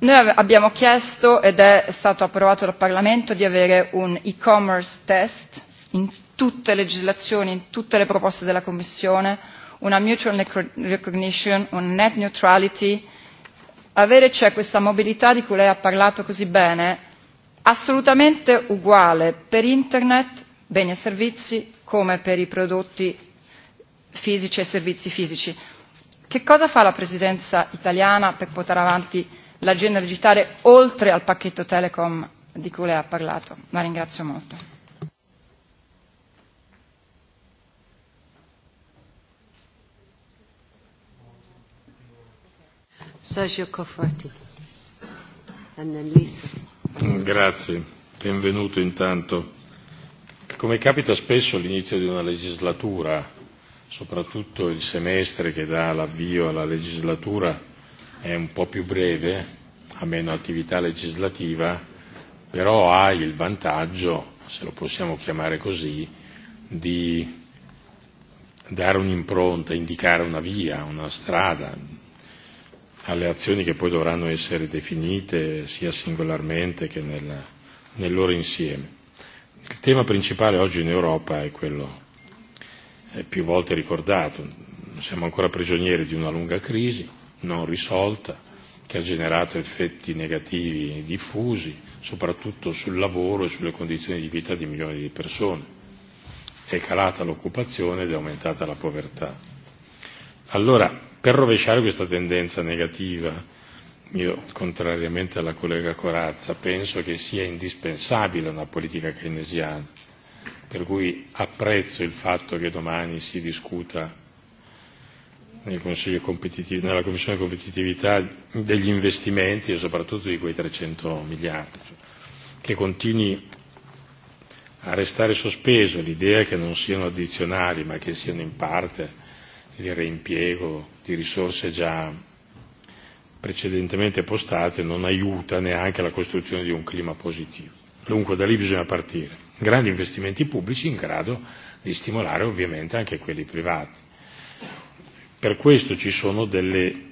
noi abbiamo chiesto ed è stato approvato dal parlamento di avere un e-commerce test in tutte le legislazioni in tutte le proposte della commissione una mutual recognition un net neutrality avere cioè questa mobilità di cui lei ha parlato così bene assolutamente uguale per internet, beni e servizi, come per i prodotti fisici e servizi fisici. Che cosa fa la presidenza italiana per portare avanti l'agenda digitale oltre al pacchetto telecom di cui lei ha parlato? La ringrazio molto. Sergio Grazie, benvenuto intanto. Come capita spesso all'inizio di una legislatura, soprattutto il semestre che dà l'avvio alla legislatura è un po' più breve, ha meno attività legislativa, però ha il vantaggio, se lo possiamo chiamare così, di dare un'impronta, indicare una via, una strada, alle azioni che poi dovranno essere definite sia singolarmente che nel, nel loro insieme. Il tema principale oggi in Europa è quello è più volte ricordato, siamo ancora prigionieri di una lunga crisi non risolta che ha generato effetti negativi diffusi, soprattutto sul lavoro e sulle condizioni di vita di milioni di persone. È calata l'occupazione ed è aumentata la povertà. Allora, per rovesciare questa tendenza negativa. Io, contrariamente alla collega Corazza, penso che sia indispensabile una politica keynesiana, per cui apprezzo il fatto che domani si discuta nel Consiglio nella Commissione competitività degli investimenti e soprattutto di quei 300 miliardi, che continui a restare sospeso l'idea che non siano addizionali ma che siano in parte il reimpiego di risorse già precedentemente postate non aiuta neanche la costruzione di un clima positivo. Dunque da lì bisogna partire. Grandi investimenti pubblici in grado di stimolare ovviamente anche quelli privati. Per questo ci sono delle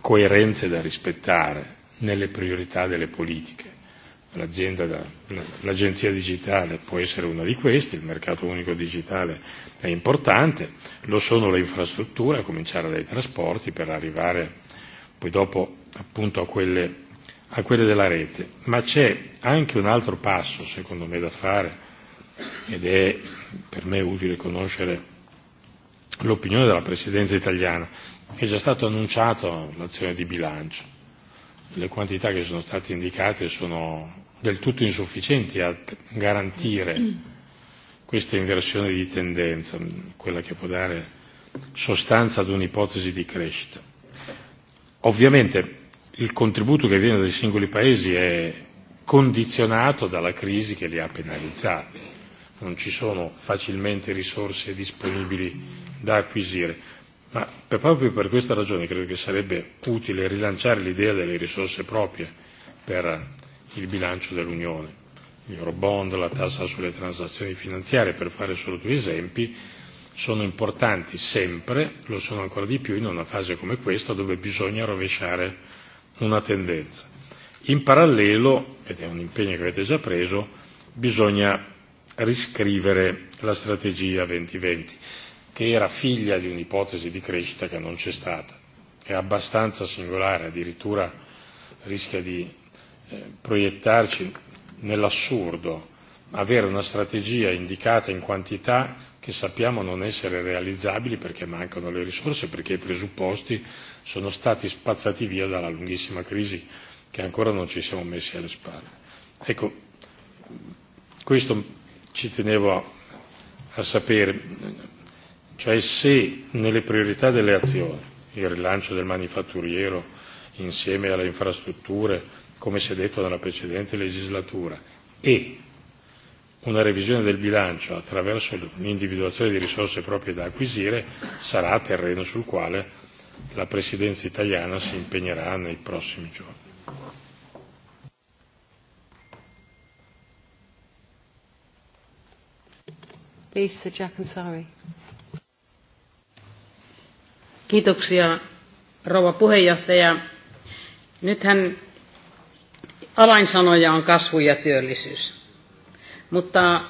coerenze da rispettare nelle priorità delle politiche l'agenzia digitale può essere una di queste, il mercato unico digitale è importante, lo sono le infrastrutture, a cominciare dai trasporti per arrivare poi dopo appunto a quelle, a quelle della rete, ma c'è anche un altro passo secondo me da fare ed è per me utile conoscere l'opinione della Presidenza italiana. È già stato annunciato l'azione di bilancio le quantità che sono state indicate sono del tutto insufficienti a garantire questa inversione di tendenza, quella che può dare sostanza ad un'ipotesi di crescita. Ovviamente il contributo che viene dai singoli paesi è condizionato dalla crisi che li ha penalizzati, non ci sono facilmente risorse disponibili da acquisire Ma proprio per questa ragione credo che sarebbe utile rilanciare l'idea delle risorse proprie per il bilancio dell'Unione, gli Eurobond, la tassa sulle transazioni finanziarie, per fare solo due esempi, sono importanti sempre, lo sono ancora di più in una fase come questa dove bisogna rovesciare una tendenza. In parallelo, ed è un impegno che avete già preso, bisogna riscrivere la strategia 2020 che era figlia di un'ipotesi di crescita che non c'è stata. È abbastanza singolare, addirittura rischia di proiettarci nell'assurdo, avere una strategia indicata in quantità che sappiamo non essere realizzabili perché mancano le risorse, perché i presupposti sono stati spazzati via dalla lunghissima crisi che ancora non ci siamo messi alle spalle. Ecco, questo ci tenevo a sapere cioè se nelle priorità delle azioni il rilancio del manifatturiero insieme alle infrastrutture come si è detto nella precedente legislatura e una revisione del bilancio attraverso l'individuazione di risorse proprie da acquisire sarà terreno sul quale la presidenza italiana si impegnerà nei prossimi giorni. Kiitoksia, rouva puheenjohtaja. Nythän avainsanoja on kasvu ja työllisyys. Mutta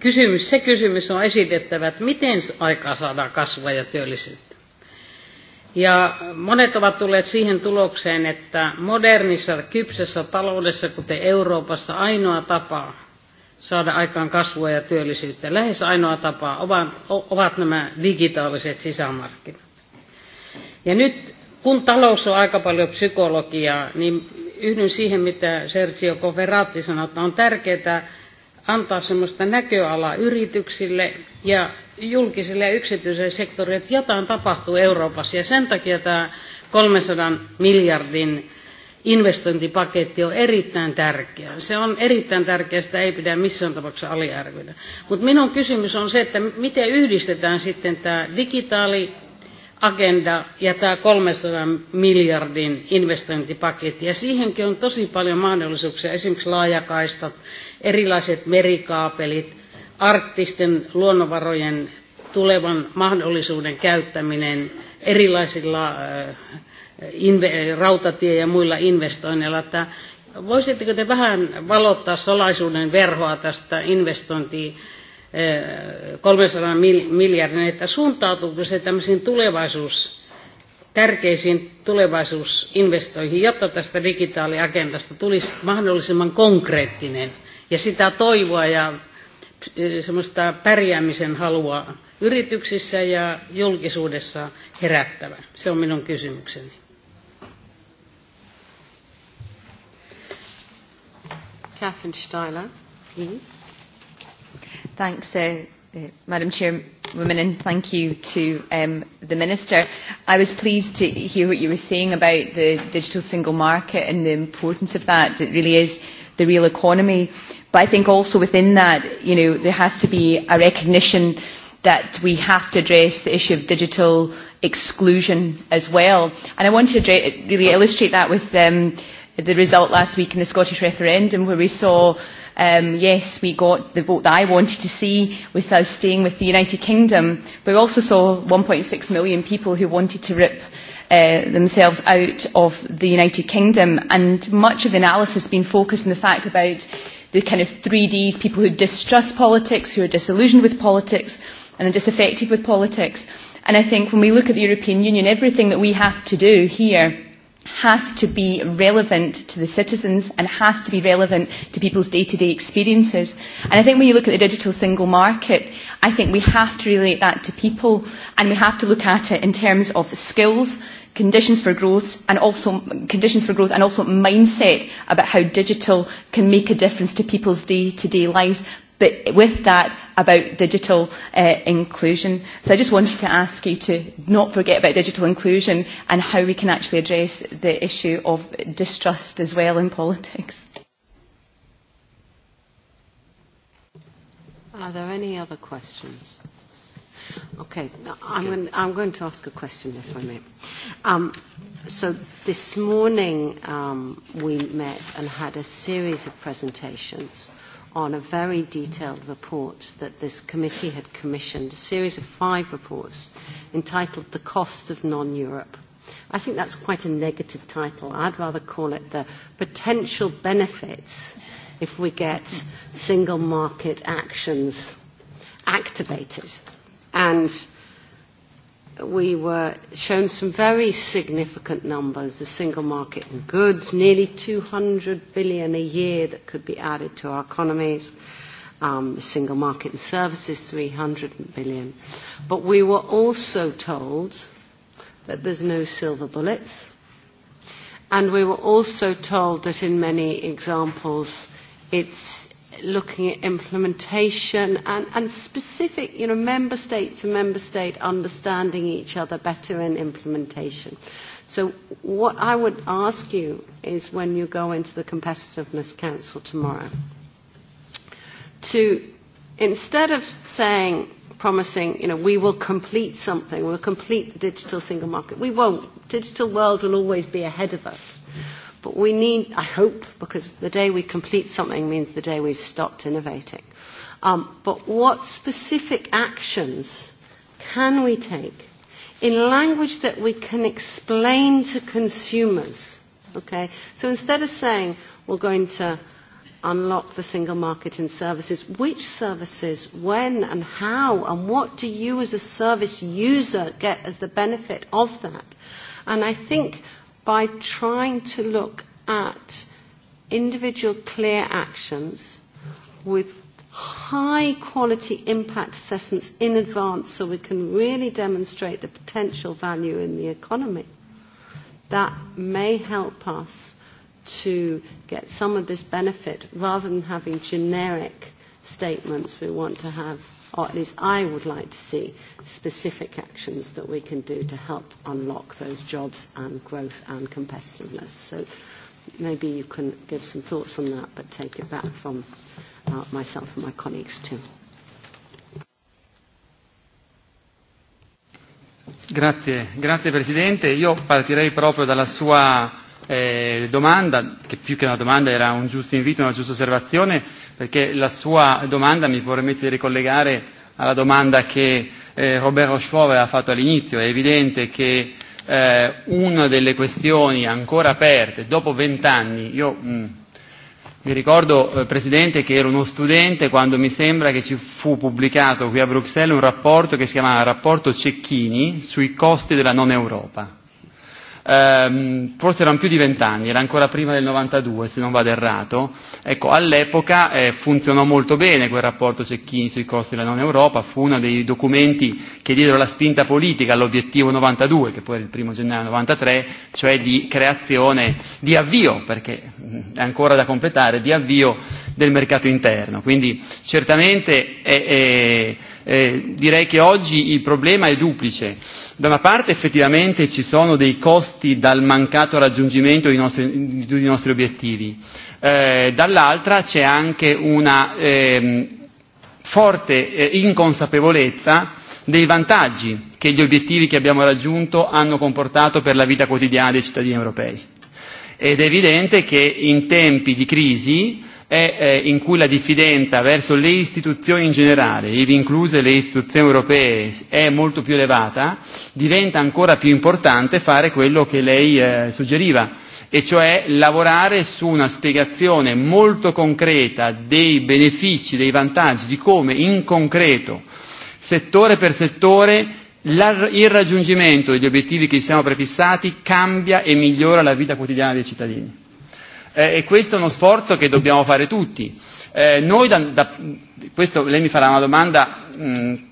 kysymys, se kysymys on esitettävä, että miten aikaa saadaan kasvua ja työllisyyttä. Ja monet ovat tulleet siihen tulokseen, että modernissa, kypsessä taloudessa, kuten Euroopassa, ainoa tapa saada aikaan kasvua ja työllisyyttä. Lähes ainoa tapa ovat nämä digitaaliset sisämarkkinat. Ja nyt kun talous on aika paljon psykologiaa, niin yhdyn siihen, mitä Sergio Coferatti sanoi, että on tärkeää antaa sellaista näköalaa yrityksille ja julkisille ja yksityiselle sektorille, että jotain tapahtuu Euroopassa. Ja sen takia tämä 300 miljardin investointipaketti on erittäin tärkeä. Se on erittäin tärkeä, sitä ei pidä missään tapauksessa aliarvioida. Mutta minun kysymys on se, että miten yhdistetään sitten tämä digitaali agenda ja tämä 300 miljardin investointipaketti. Ja siihenkin on tosi paljon mahdollisuuksia, esimerkiksi laajakaistat, erilaiset merikaapelit, arktisten luonnonvarojen tulevan mahdollisuuden käyttäminen erilaisilla rautatie- ja muilla investoinneilla. Että voisitteko te vähän valottaa salaisuuden verhoa tästä investointiin 300 miljardin, että suuntautuuko se tämmöisiin tulevaisuus, tärkeisiin tulevaisuusinvestoihin, jotta tästä digitaaliagendasta tulisi mahdollisimman konkreettinen ja sitä toivoa ja semmoista pärjäämisen halua yrityksissä ja julkisuudessa herättävä. Se on minun kysymykseni. Catherine Steiler, please. Thanks, Madam Chairwoman, and thank you to the Minister. I was pleased to hear what you were saying about the digital single market and the importance of that. It really is the real economy. But I think also within that, you know, there has to be a recognition that we have to address the issue of digital exclusion as well. And I want to really illustrate that with the result last week in the Scottish referendum where we saw um, yes, we got the vote that I wanted to see with us staying with the United Kingdom. But we also saw 1.6 million people who wanted to rip themselves out of the United Kingdom. And much of the analysis has been focused on the fact about the kind of 3Ds, people who distrust politics, who are disillusioned with politics and are disaffected with politics. And I think when we look at the European Union, everything that we have to do here has to be relevant to the citizens and has to be relevant to people's day-to-day experiences. And I think when you look at the digital single market, I think we have to relate that to people and we have to look at it in terms of skills, conditions for growth and also conditions for growth and also mindset about how digital can make a difference to people's day-to-day lives but with that about digital inclusion. So I just wanted to ask you to not forget about digital inclusion and how we can actually address the issue of distrust as well in politics. Are there any other questions? Okay, I'm going, I'm going to ask a question, if I may. Um, so this morning um, we met and had a series of presentations on a very detailed report that this committee had commissioned, a series of five reports entitled The Cost of Non-Europe. I think that's quite a negative title. I'd rather call it The Potential Benefits if we get single market actions activated. And we were shown some very significant numbers, the single market in goods, nearly 200 billion a year that could be added to our economies, um, the single market in services, 300 billion. But we were also told that there's no silver bullets. And we were also told that in many examples, it's looking at implementation and, and specific, you know, member state to member state understanding each other better in implementation. So what I would ask you is when you go into the Competitiveness Council tomorrow, to instead of saying, promising, you know, we will complete something, we'll complete the digital single market, we won't. Digital world will always be ahead of us. But we need, I hope, because the day we complete something means the day we've stopped innovating. Um, but what specific actions can we take in language that we can explain to consumers? Okay, so instead of saying we're going to unlock the single market in services, which services, when and how, and what do you as a service user get as the benefit of that? And I think by trying to look at individual clear actions with high quality impact assessments in advance so we can really demonstrate the potential value in the economy. That may help us to get some of this benefit rather than having generic statements we want to have or at least I would like to see specific actions that we can do to help unlock those jobs and growth and competitiveness. So maybe you can give some thoughts on that, but take it back from myself and my colleagues too. Grazie, grazie Presidente. Io partirei proprio dalla sua eh, domanda, che più che una domanda era un giusto invito, una giusta osservazione perché la sua domanda mi permette di ricollegare alla domanda che Robert Rochefort ha fatto all'inizio. È evidente che una delle questioni ancora aperte dopo vent'anni, io mi ricordo Presidente che ero uno studente quando mi sembra che ci fu pubblicato qui a Bruxelles un rapporto che si chiamava Rapporto Cecchini sui costi della non Europa forse erano più di vent'anni, era ancora prima del 92 se non vado errato, ecco all'epoca funzionò molto bene quel rapporto Cecchini sui costi della non Europa, fu uno dei documenti che diedero la spinta politica all'obiettivo 92, che poi era il primo gennaio 93, cioè di creazione, di avvio, perché è ancora da completare, di avvio del mercato interno. Quindi certamente è direi che oggi il problema è duplice. Da una parte effettivamente ci sono dei costi dal mancato raggiungimento dei nostri, dei nostri obiettivi, dall'altra c'è anche una forte inconsapevolezza dei vantaggi che gli obiettivi che abbiamo raggiunto hanno comportato per la vita quotidiana dei cittadini europei. Ed è evidente che in tempi di crisi e in cui la diffidenza verso le istituzioni in generale, ivi incluse le istituzioni europee, è molto più elevata, diventa ancora più importante fare quello che lei suggeriva, e cioè lavorare su una spiegazione molto concreta dei benefici, dei vantaggi, di come in concreto, settore per settore, il raggiungimento degli obiettivi che ci siamo prefissati cambia e migliora la vita quotidiana dei cittadini e questo è uno sforzo che dobbiamo fare tutti. Noi da questo lei mi farà una domanda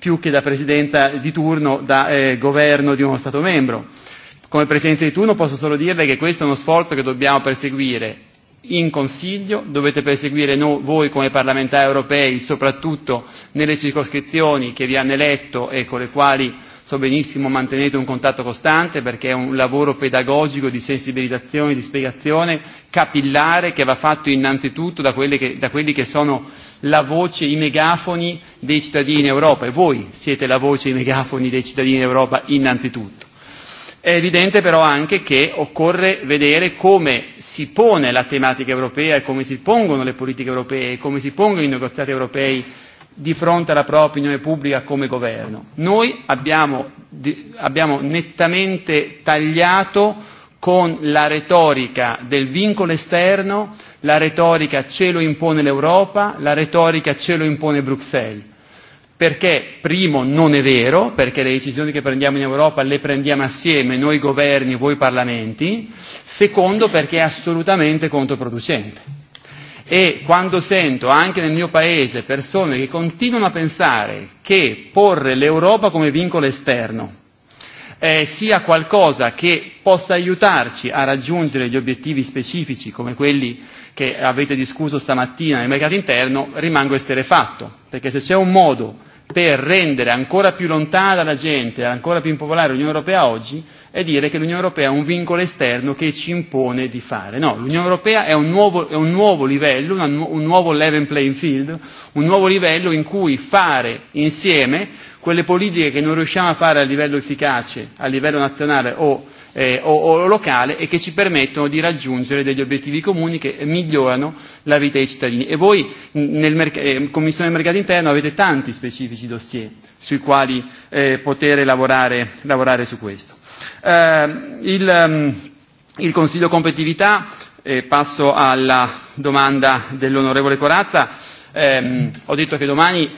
più che da Presidente di turno, da governo di uno Stato membro. Come Presidente di turno posso solo dirle che questo è uno sforzo che dobbiamo perseguire in Consiglio, dovete perseguire voi come parlamentari europei, soprattutto nelle circoscrizioni che vi hanno eletto e con le quali So benissimo mantenete un contatto costante perché è un lavoro pedagogico di sensibilizzazione, di spiegazione capillare che va fatto innanzitutto da, da quelli che sono la voce, i megafoni dei cittadini in Europa e voi siete la voce, i megafoni dei cittadini in Europa innanzitutto. È evidente però anche che occorre vedere come si pone la tematica europea e come si pongono le politiche europee e come si pongono i negoziati europei di fronte alla propria opinione pubblica come governo. Noi abbiamo, abbiamo nettamente tagliato con la retorica del vincolo esterno, la retorica ce lo impone l'Europa, la retorica ce lo impone Bruxelles. Perché, primo, non è vero, perché le decisioni che prendiamo in Europa le prendiamo assieme, noi governi, voi parlamenti. Secondo, perché è assolutamente controproducente e quando sento anche nel mio paese persone che continuano a pensare che porre l'Europa come vincolo esterno sia qualcosa che possa aiutarci a raggiungere gli obiettivi specifici come quelli che avete discusso stamattina nel mercato interno, rimango esterefatto, perché se c'è un modo per rendere ancora più lontana dalla gente, ancora più impopolare l'Unione Europea oggi, è dire che l'Unione Europea è un vincolo esterno che ci impone di fare. No, l'Unione Europea è un nuovo, è un nuovo livello, un nuovo level playing field, un nuovo livello in cui fare insieme quelle politiche che non riusciamo a fare a livello efficace, a livello nazionale o o locale e che ci permettono di raggiungere degli obiettivi comuni che migliorano la vita dei cittadini. E voi nel Commissione del Mercato Interno avete tanti specifici dossier sui quali poter lavorare su questo. Il Consiglio competitività, e passo alla domanda dell'onorevole Corazza, ho detto che domani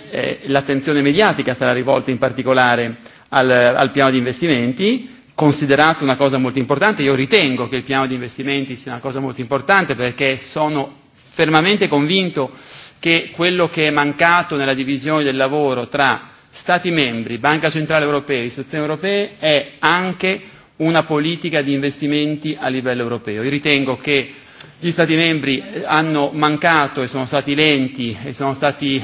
l'attenzione mediatica sarà rivolta in particolare al piano di investimenti, considerato una cosa molto importante. Io ritengo che il piano di investimenti sia una cosa molto importante perché sono fermamente convinto che quello che è mancato nella divisione del lavoro tra Stati membri, Banca Centrale Europea e istituzioni europee è anche una politica di investimenti a livello europeo. Io ritengo che gli Stati membri hanno mancato e sono stati lenti e sono stati,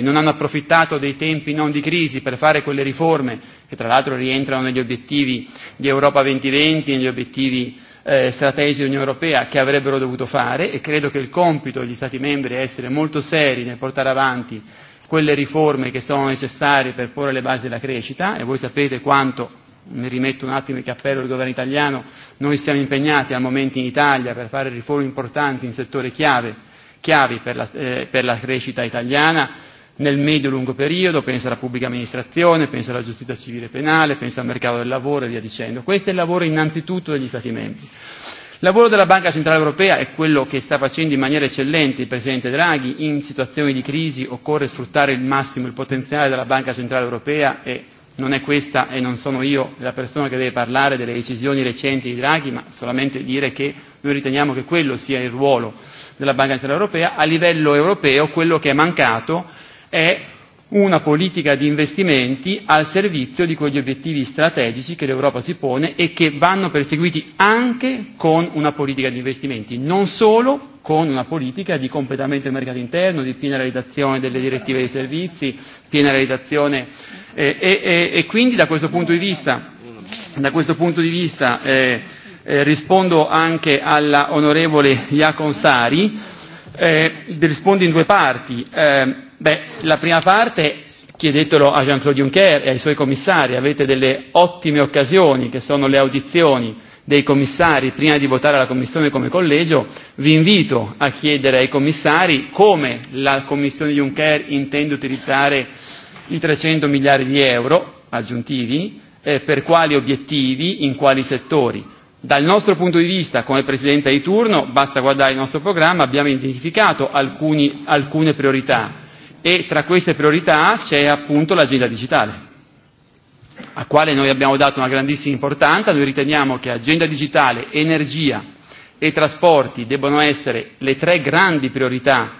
non hanno approfittato dei tempi non di crisi per fare quelle riforme che tra l'altro rientrano negli obiettivi di Europa 2020 negli obiettivi strategici dell'Unione Europea che avrebbero dovuto fare e credo che il compito degli Stati membri è essere molto seri nel portare avanti quelle riforme che sono necessarie per porre le basi della crescita e voi sapete quanto mi rimetto un attimo il cappello al governo italiano, noi siamo impegnati al momento in Italia per fare riforme importanti in settori chiave, chiavi per la, per la crescita italiana nel medio e lungo periodo, penso alla pubblica amministrazione, penso alla giustizia civile penale, penso al mercato del lavoro e via dicendo. Questo è il lavoro innanzitutto degli Stati membri. Il lavoro della Banca Centrale Europea è quello che sta facendo in maniera eccellente il Presidente Draghi. In situazioni di crisi occorre sfruttare il massimo il potenziale della Banca Centrale Europea e non è questa e non sono io la persona che deve parlare delle decisioni recenti di Draghi, ma solamente dire che noi riteniamo che quello sia il ruolo della Banca Centrale Europea. A livello europeo quello che è mancato è una politica di investimenti al servizio di quegli obiettivi strategici che l'Europa si pone e che vanno perseguiti anche con una politica di investimenti, non solo con una politica di completamento del mercato interno, di piena realizzazione delle direttive dei servizi, piena realizzazione E quindi da questo punto di vista da questo punto di vista rispondo anche all'onorevole onorevole Iaconsari, rispondo in due parti. Beh, la prima parte chiedetelo a Jean-Claude Juncker e ai suoi commissari, avete delle ottime occasioni che sono le audizioni dei commissari prima di votare alla Commissione come collegio, vi invito a chiedere ai commissari come la Commissione Juncker intende utilizzare i 300 miliardi di euro aggiuntivi e per quali obiettivi, in quali settori. Dal nostro punto di vista, come Presidente di turno, basta guardare il nostro programma, abbiamo identificato alcune priorità e tra queste priorità c'è appunto l'agenda digitale, a quale noi abbiamo dato una grandissima importanza. Noi riteniamo che agenda digitale, energia e trasporti debbano essere le tre grandi priorità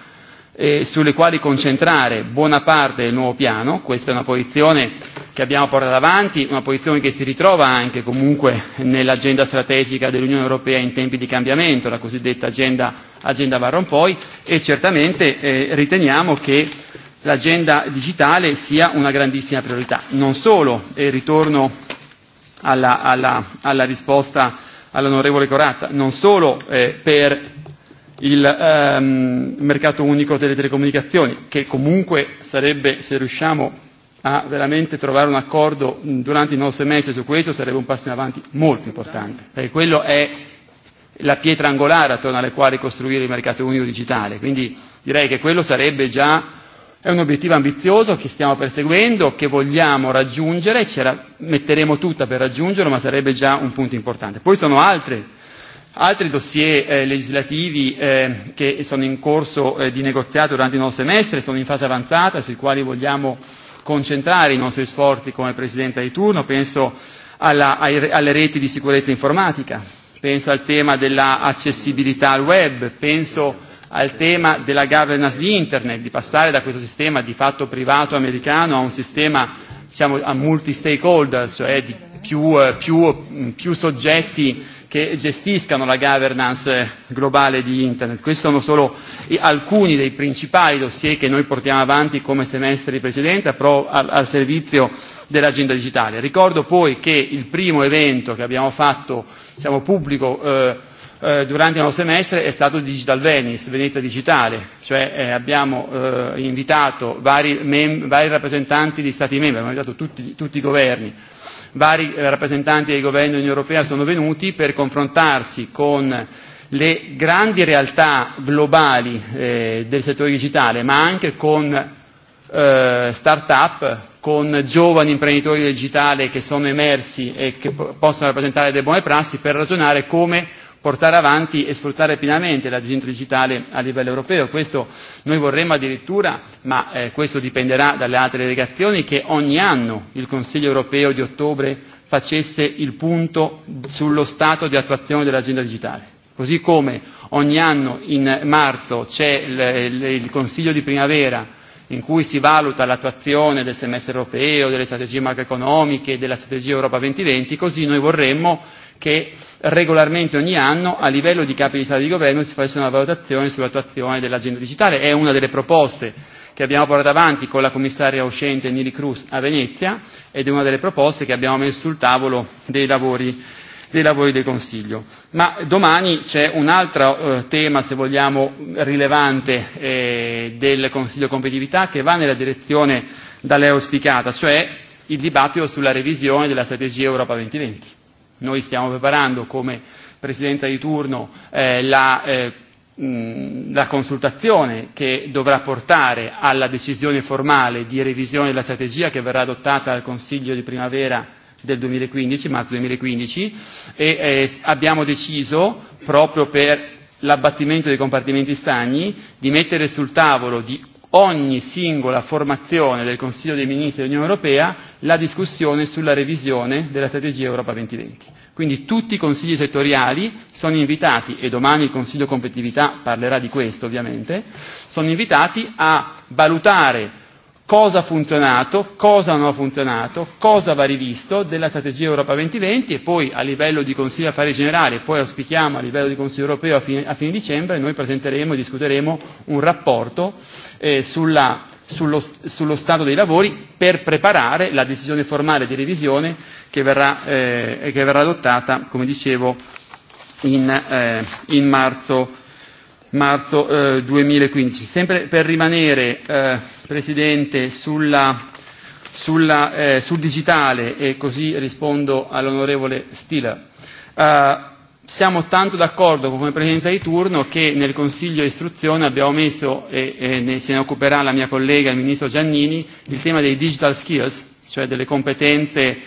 e sulle quali concentrare buona parte del nuovo piano, questa è una posizione che abbiamo portato avanti, una posizione che si ritrova anche comunque nell'agenda strategica dell'Unione Europea in tempi di cambiamento, la cosiddetta agenda, agenda Van e certamente riteniamo che l'agenda digitale sia una grandissima priorità. Non solo, e ritorno alla, alla, alla risposta all'onorevole Coratta, non solo per il mercato unico delle telecomunicazioni, che comunque sarebbe, se riusciamo a veramente trovare un accordo durante i nostri mesi su questo, sarebbe un passo in avanti molto importante, perché quello è la pietra angolare attorno alle quali costruire il mercato unico digitale. Quindi direi che quello sarebbe già è un obiettivo ambizioso che stiamo perseguendo, che vogliamo raggiungere, ce la metteremo tutta per raggiungerlo, ma sarebbe già un punto importante. Poi sono altre Altri dossier legislativi che sono in corso di negoziato durante il nostro semestre sono in fase avanzata, sui quali vogliamo concentrare i nostri sforzi come Presidente di turno. Penso alle reti di sicurezza informatica, penso al tema dell'accessibilità al web, penso al tema della governance di Internet, di passare da questo sistema di fatto privato americano a un sistema diciamo, a multi-stakeholders, cioè di più, più, più soggetti che gestiscano la governance globale di Internet. Questi sono solo alcuni dei principali dossier che noi portiamo avanti come semestre di precedente al servizio dell'agenda digitale. Ricordo poi che il primo evento che abbiamo fatto diciamo, pubblico durante il nostro semestre è stato Digital Venice, Veneta Digitale, cioè abbiamo invitato vari, vari rappresentanti di Stati membri, abbiamo invitato tutti, tutti i governi, vari rappresentanti dei governi dell'Unione Europea sono venuti per confrontarsi con le grandi realtà globali del settore digitale, ma anche con start-up, con giovani imprenditori digitali che sono emersi e che possono rappresentare delle buone prassi per ragionare come portare avanti e sfruttare pienamente l'agenda digitale a livello europeo. Questo noi vorremmo addirittura, ma questo dipenderà dalle altre delegazioni, che ogni anno il Consiglio europeo di ottobre facesse il punto sullo stato di attuazione dell'agenda digitale. Così come ogni anno in marzo c'è il Consiglio di primavera in cui si valuta l'attuazione del semestre europeo, delle strategie macroeconomiche, della strategia Europa 2020, così noi vorremmo che regolarmente ogni anno a livello di capi di Stato e di Governo si faccia una valutazione sull'attuazione dell'agenda digitale. È una delle proposte che abbiamo portato avanti con la commissaria uscente Nili Cruz a Venezia ed è una delle proposte che abbiamo messo sul tavolo dei lavori dei lavori del Consiglio. Ma domani c'è un altro tema, se vogliamo, rilevante del Consiglio Competitività che va nella direzione da lei auspicata, cioè il dibattito sulla revisione della strategia Europa 2020 Noi stiamo preparando come Presidente di turno la la consultazione che dovrà portare alla decisione formale di revisione della strategia che verrà adottata dal Consiglio di primavera del 2015, marzo 2015, e abbiamo deciso, proprio per l'abbattimento dei compartimenti stagni, di mettere sul tavolo di ogni singola formazione del Consiglio dei Ministri dell'Unione Europea la discussione sulla revisione della strategia Europa 2020. Quindi tutti i consigli settoriali sono invitati, e domani il Consiglio Competitività parlerà di questo ovviamente, sono invitati a valutare cosa ha funzionato, cosa non ha funzionato, cosa va rivisto della strategia Europa 2020 e poi a livello di Consiglio Affari Generali, poi auspichiamo a livello di Consiglio Europeo a fine, a fine dicembre, noi presenteremo e discuteremo un rapporto sulla, sullo, sullo stato dei lavori per preparare la decisione formale di revisione che verrà, che verrà adottata, come dicevo, in, in marzo marzo 2015. Sempre per rimanere, Presidente, sulla sulla sul digitale e così rispondo all'onorevole Stiller. Siamo tanto d'accordo con come Presidente di turno che nel Consiglio istruzione abbiamo messo, e se ne occuperà la mia collega il Ministro Giannini, il tema dei digital skills cioè delle competenze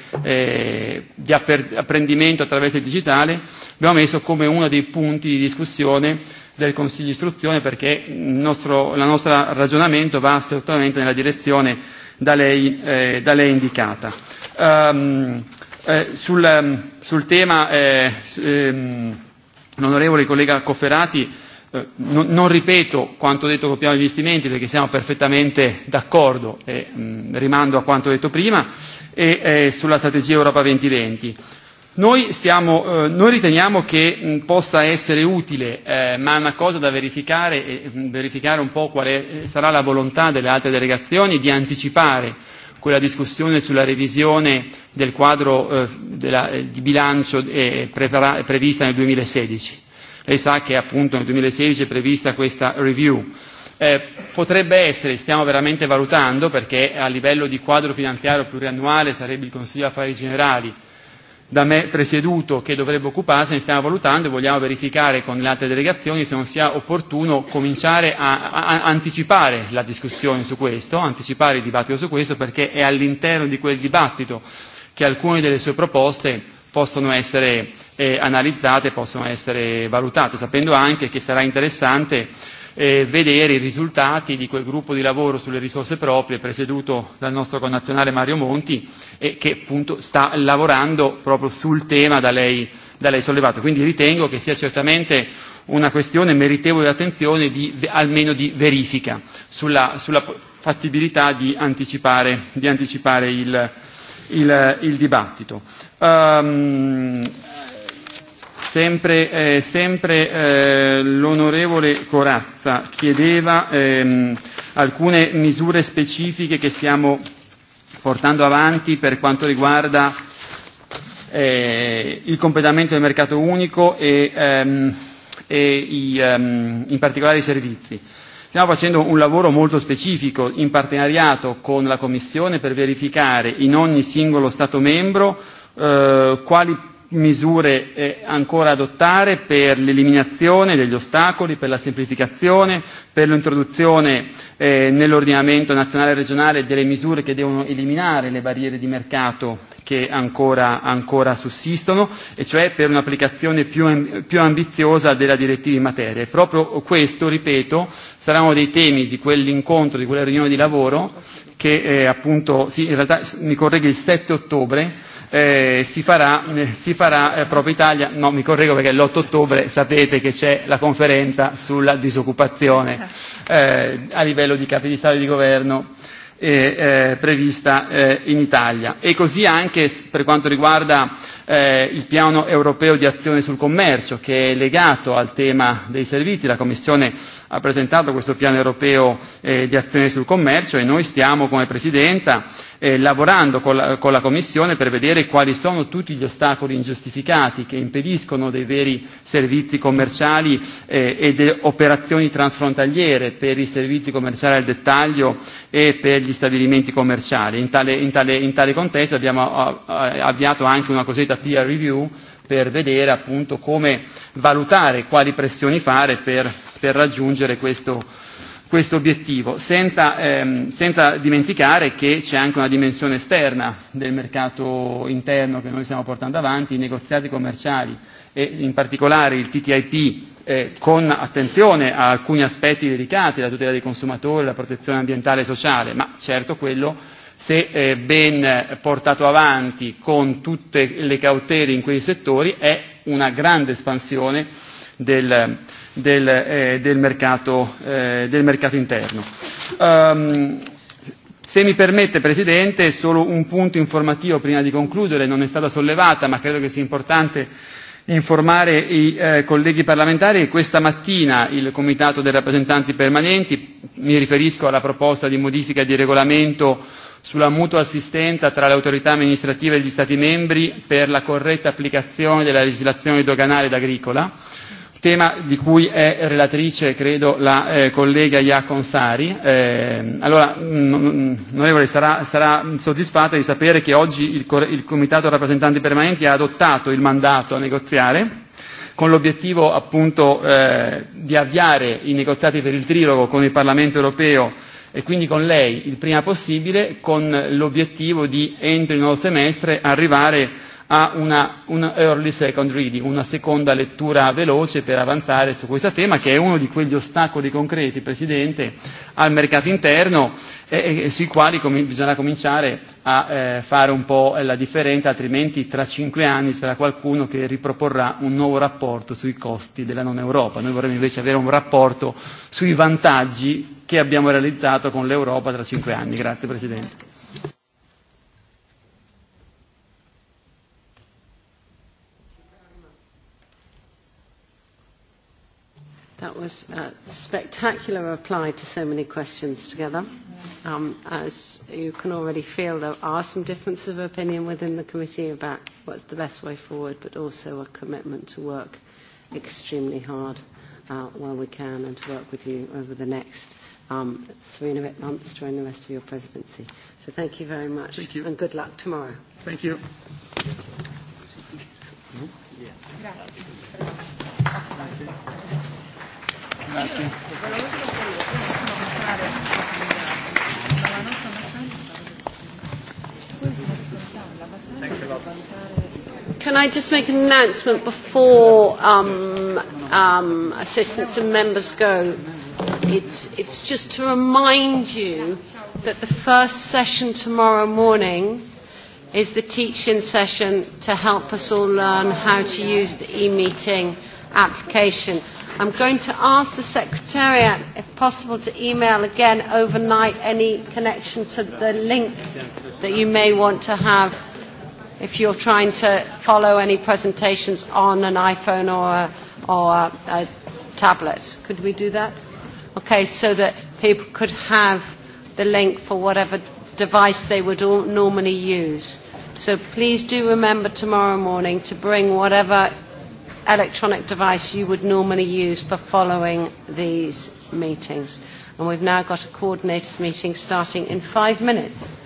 di apprendimento attraverso il digitale, abbiamo messo come uno dei punti di discussione del Consiglio di istruzione perché il nostro ragionamento va assolutamente nella direzione da lei indicata. Sul tema, l'onorevole collega Cofferati Non ripeto quanto detto il piano di investimenti perché siamo perfettamente d'accordo e rimando a quanto detto prima e sulla strategia Europa 2020. Noi riteniamo che possa essere utile, ma è una cosa da verificare e verificare un po' quale sarà la volontà delle altre delegazioni di anticipare quella discussione sulla revisione del quadro di bilancio prevista nel 2016 lei sa che appunto nel 2016 è prevista questa review. Potrebbe essere, stiamo veramente valutando, perché a livello di quadro finanziario pluriannuale sarebbe il Consiglio Affari Generali da me presieduto che dovrebbe occuparsi, ne stiamo valutando e vogliamo verificare con le altre delegazioni se non sia opportuno cominciare a anticipare la discussione su questo, anticipare il dibattito su questo, perché è all'interno di quel dibattito che alcune delle sue proposte possono essere analizzate possono essere valutate, sapendo anche che sarà interessante vedere i risultati di quel gruppo di lavoro sulle risorse proprie presieduto dal nostro connazionale Mario Monti e che appunto sta lavorando proprio sul tema da lei, da lei sollevato. Quindi ritengo che sia certamente una questione meritevole di attenzione di, almeno di verifica sulla, sulla fattibilità di anticipare, di anticipare il, il, dibattito. Sempre, sempre l'onorevole Corazza chiedeva alcune misure specifiche che stiamo portando avanti per quanto riguarda il completamento del mercato unico e in particolare i servizi. Stiamo facendo un lavoro molto specifico in partenariato con la Commissione per verificare in ogni singolo Stato membro quali misure ancora adottare per l'eliminazione degli ostacoli, per la semplificazione, per l'introduzione nell'ordinamento nazionale e regionale delle misure che devono eliminare le barriere di mercato che ancora ancora sussistono e cioè per un'applicazione più più ambiziosa della direttiva in materia. E proprio questo, ripeto, sarà uno dei temi di quell'incontro, di quella riunione di lavoro che appunto sì, in realtà mi correggo il 7 ottobre si farà proprio Italia, no mi correggo perché l'8 ottobre sapete che c'è la conferenza sulla disoccupazione a livello di capi di Stato e di Governo prevista in Italia e così anche per quanto riguarda il piano europeo di azione sul commercio che è legato al tema dei servizi. La Commissione ha presentato questo piano europeo di azione sul commercio e noi stiamo come Presidenta lavorando con la Commissione per vedere quali sono tutti gli ostacoli ingiustificati che impediscono dei veri servizi commerciali e operazioni transfrontaliere per i servizi commerciali al dettaglio e per gli stabilimenti commerciali. In tale contesto abbiamo avviato anche una cosiddetta peer review per vedere appunto come valutare quali pressioni fare per, per raggiungere questo, questo obiettivo, senza, senza dimenticare che c'è anche una dimensione esterna del mercato interno che noi stiamo portando avanti, i negoziati commerciali e in particolare il TTIP con attenzione a alcuni aspetti dedicati la tutela dei consumatori, la protezione ambientale e sociale, ma certo quello se ben portato avanti con tutte le cautele in quei settori, è una grande espansione del, del, del, mercato, del mercato interno. Se mi permette, Presidente, solo un punto informativo prima di concludere, non è stata sollevata, ma credo che sia importante informare i colleghi parlamentari che questa mattina il Comitato dei rappresentanti permanenti, mi riferisco alla proposta di modifica di regolamento sulla mutua assistenza tra le autorità amministrative degli Stati membri per la corretta applicazione della legislazione doganale ed agricola, tema di cui è relatrice credo la collega Iaconsari. Allora, onorevole, sarà soddisfatta di sapere che oggi il Comitato rappresentanti permanenti ha adottato il mandato a negoziare con l'obiettivo appunto di avviare i negoziati per il trilogo con il Parlamento europeo e quindi con lei il prima possibile con l'obiettivo di entro il nuovo semestre arrivare a una, un early second reading, una seconda lettura veloce per avanzare su questo tema che è uno di quegli ostacoli concreti, Presidente, al mercato interno e sui quali bisogna cominciare a fare un po' la differenza, altrimenti tra cinque anni sarà qualcuno che riproporrà un nuovo rapporto sui costi della non Europa. Noi vorremmo invece avere un rapporto sui vantaggi che abbiamo realizzato con l'Europa tra cinque anni. Grazie Presidente. That was a spectacular reply to so many questions together. Um, as you can already feel, there are some differences of opinion within the committee about what's the best way forward, but also a commitment to work extremely hard uh, while we can and to work with you over the next um, bit months during the rest of your presidency. So thank you very much. And good luck tomorrow. Thank you. Can I just make an announcement before um, um, assistants and members go? It's, it's just to remind you that the first session tomorrow morning is the teaching session to help us all learn how to use the e-meeting application. I'm going to ask the Secretariat, if possible, to email again overnight any connection to the link that you may want to have if you're trying to follow any presentations on an iPhone or a tablet. Could we do that? okay, so that people could have the link for whatever device they would normally use. So please do remember tomorrow morning to bring whatever electronic device you would normally use for following these meetings. And we've now got a coordinators meeting starting in five minutes.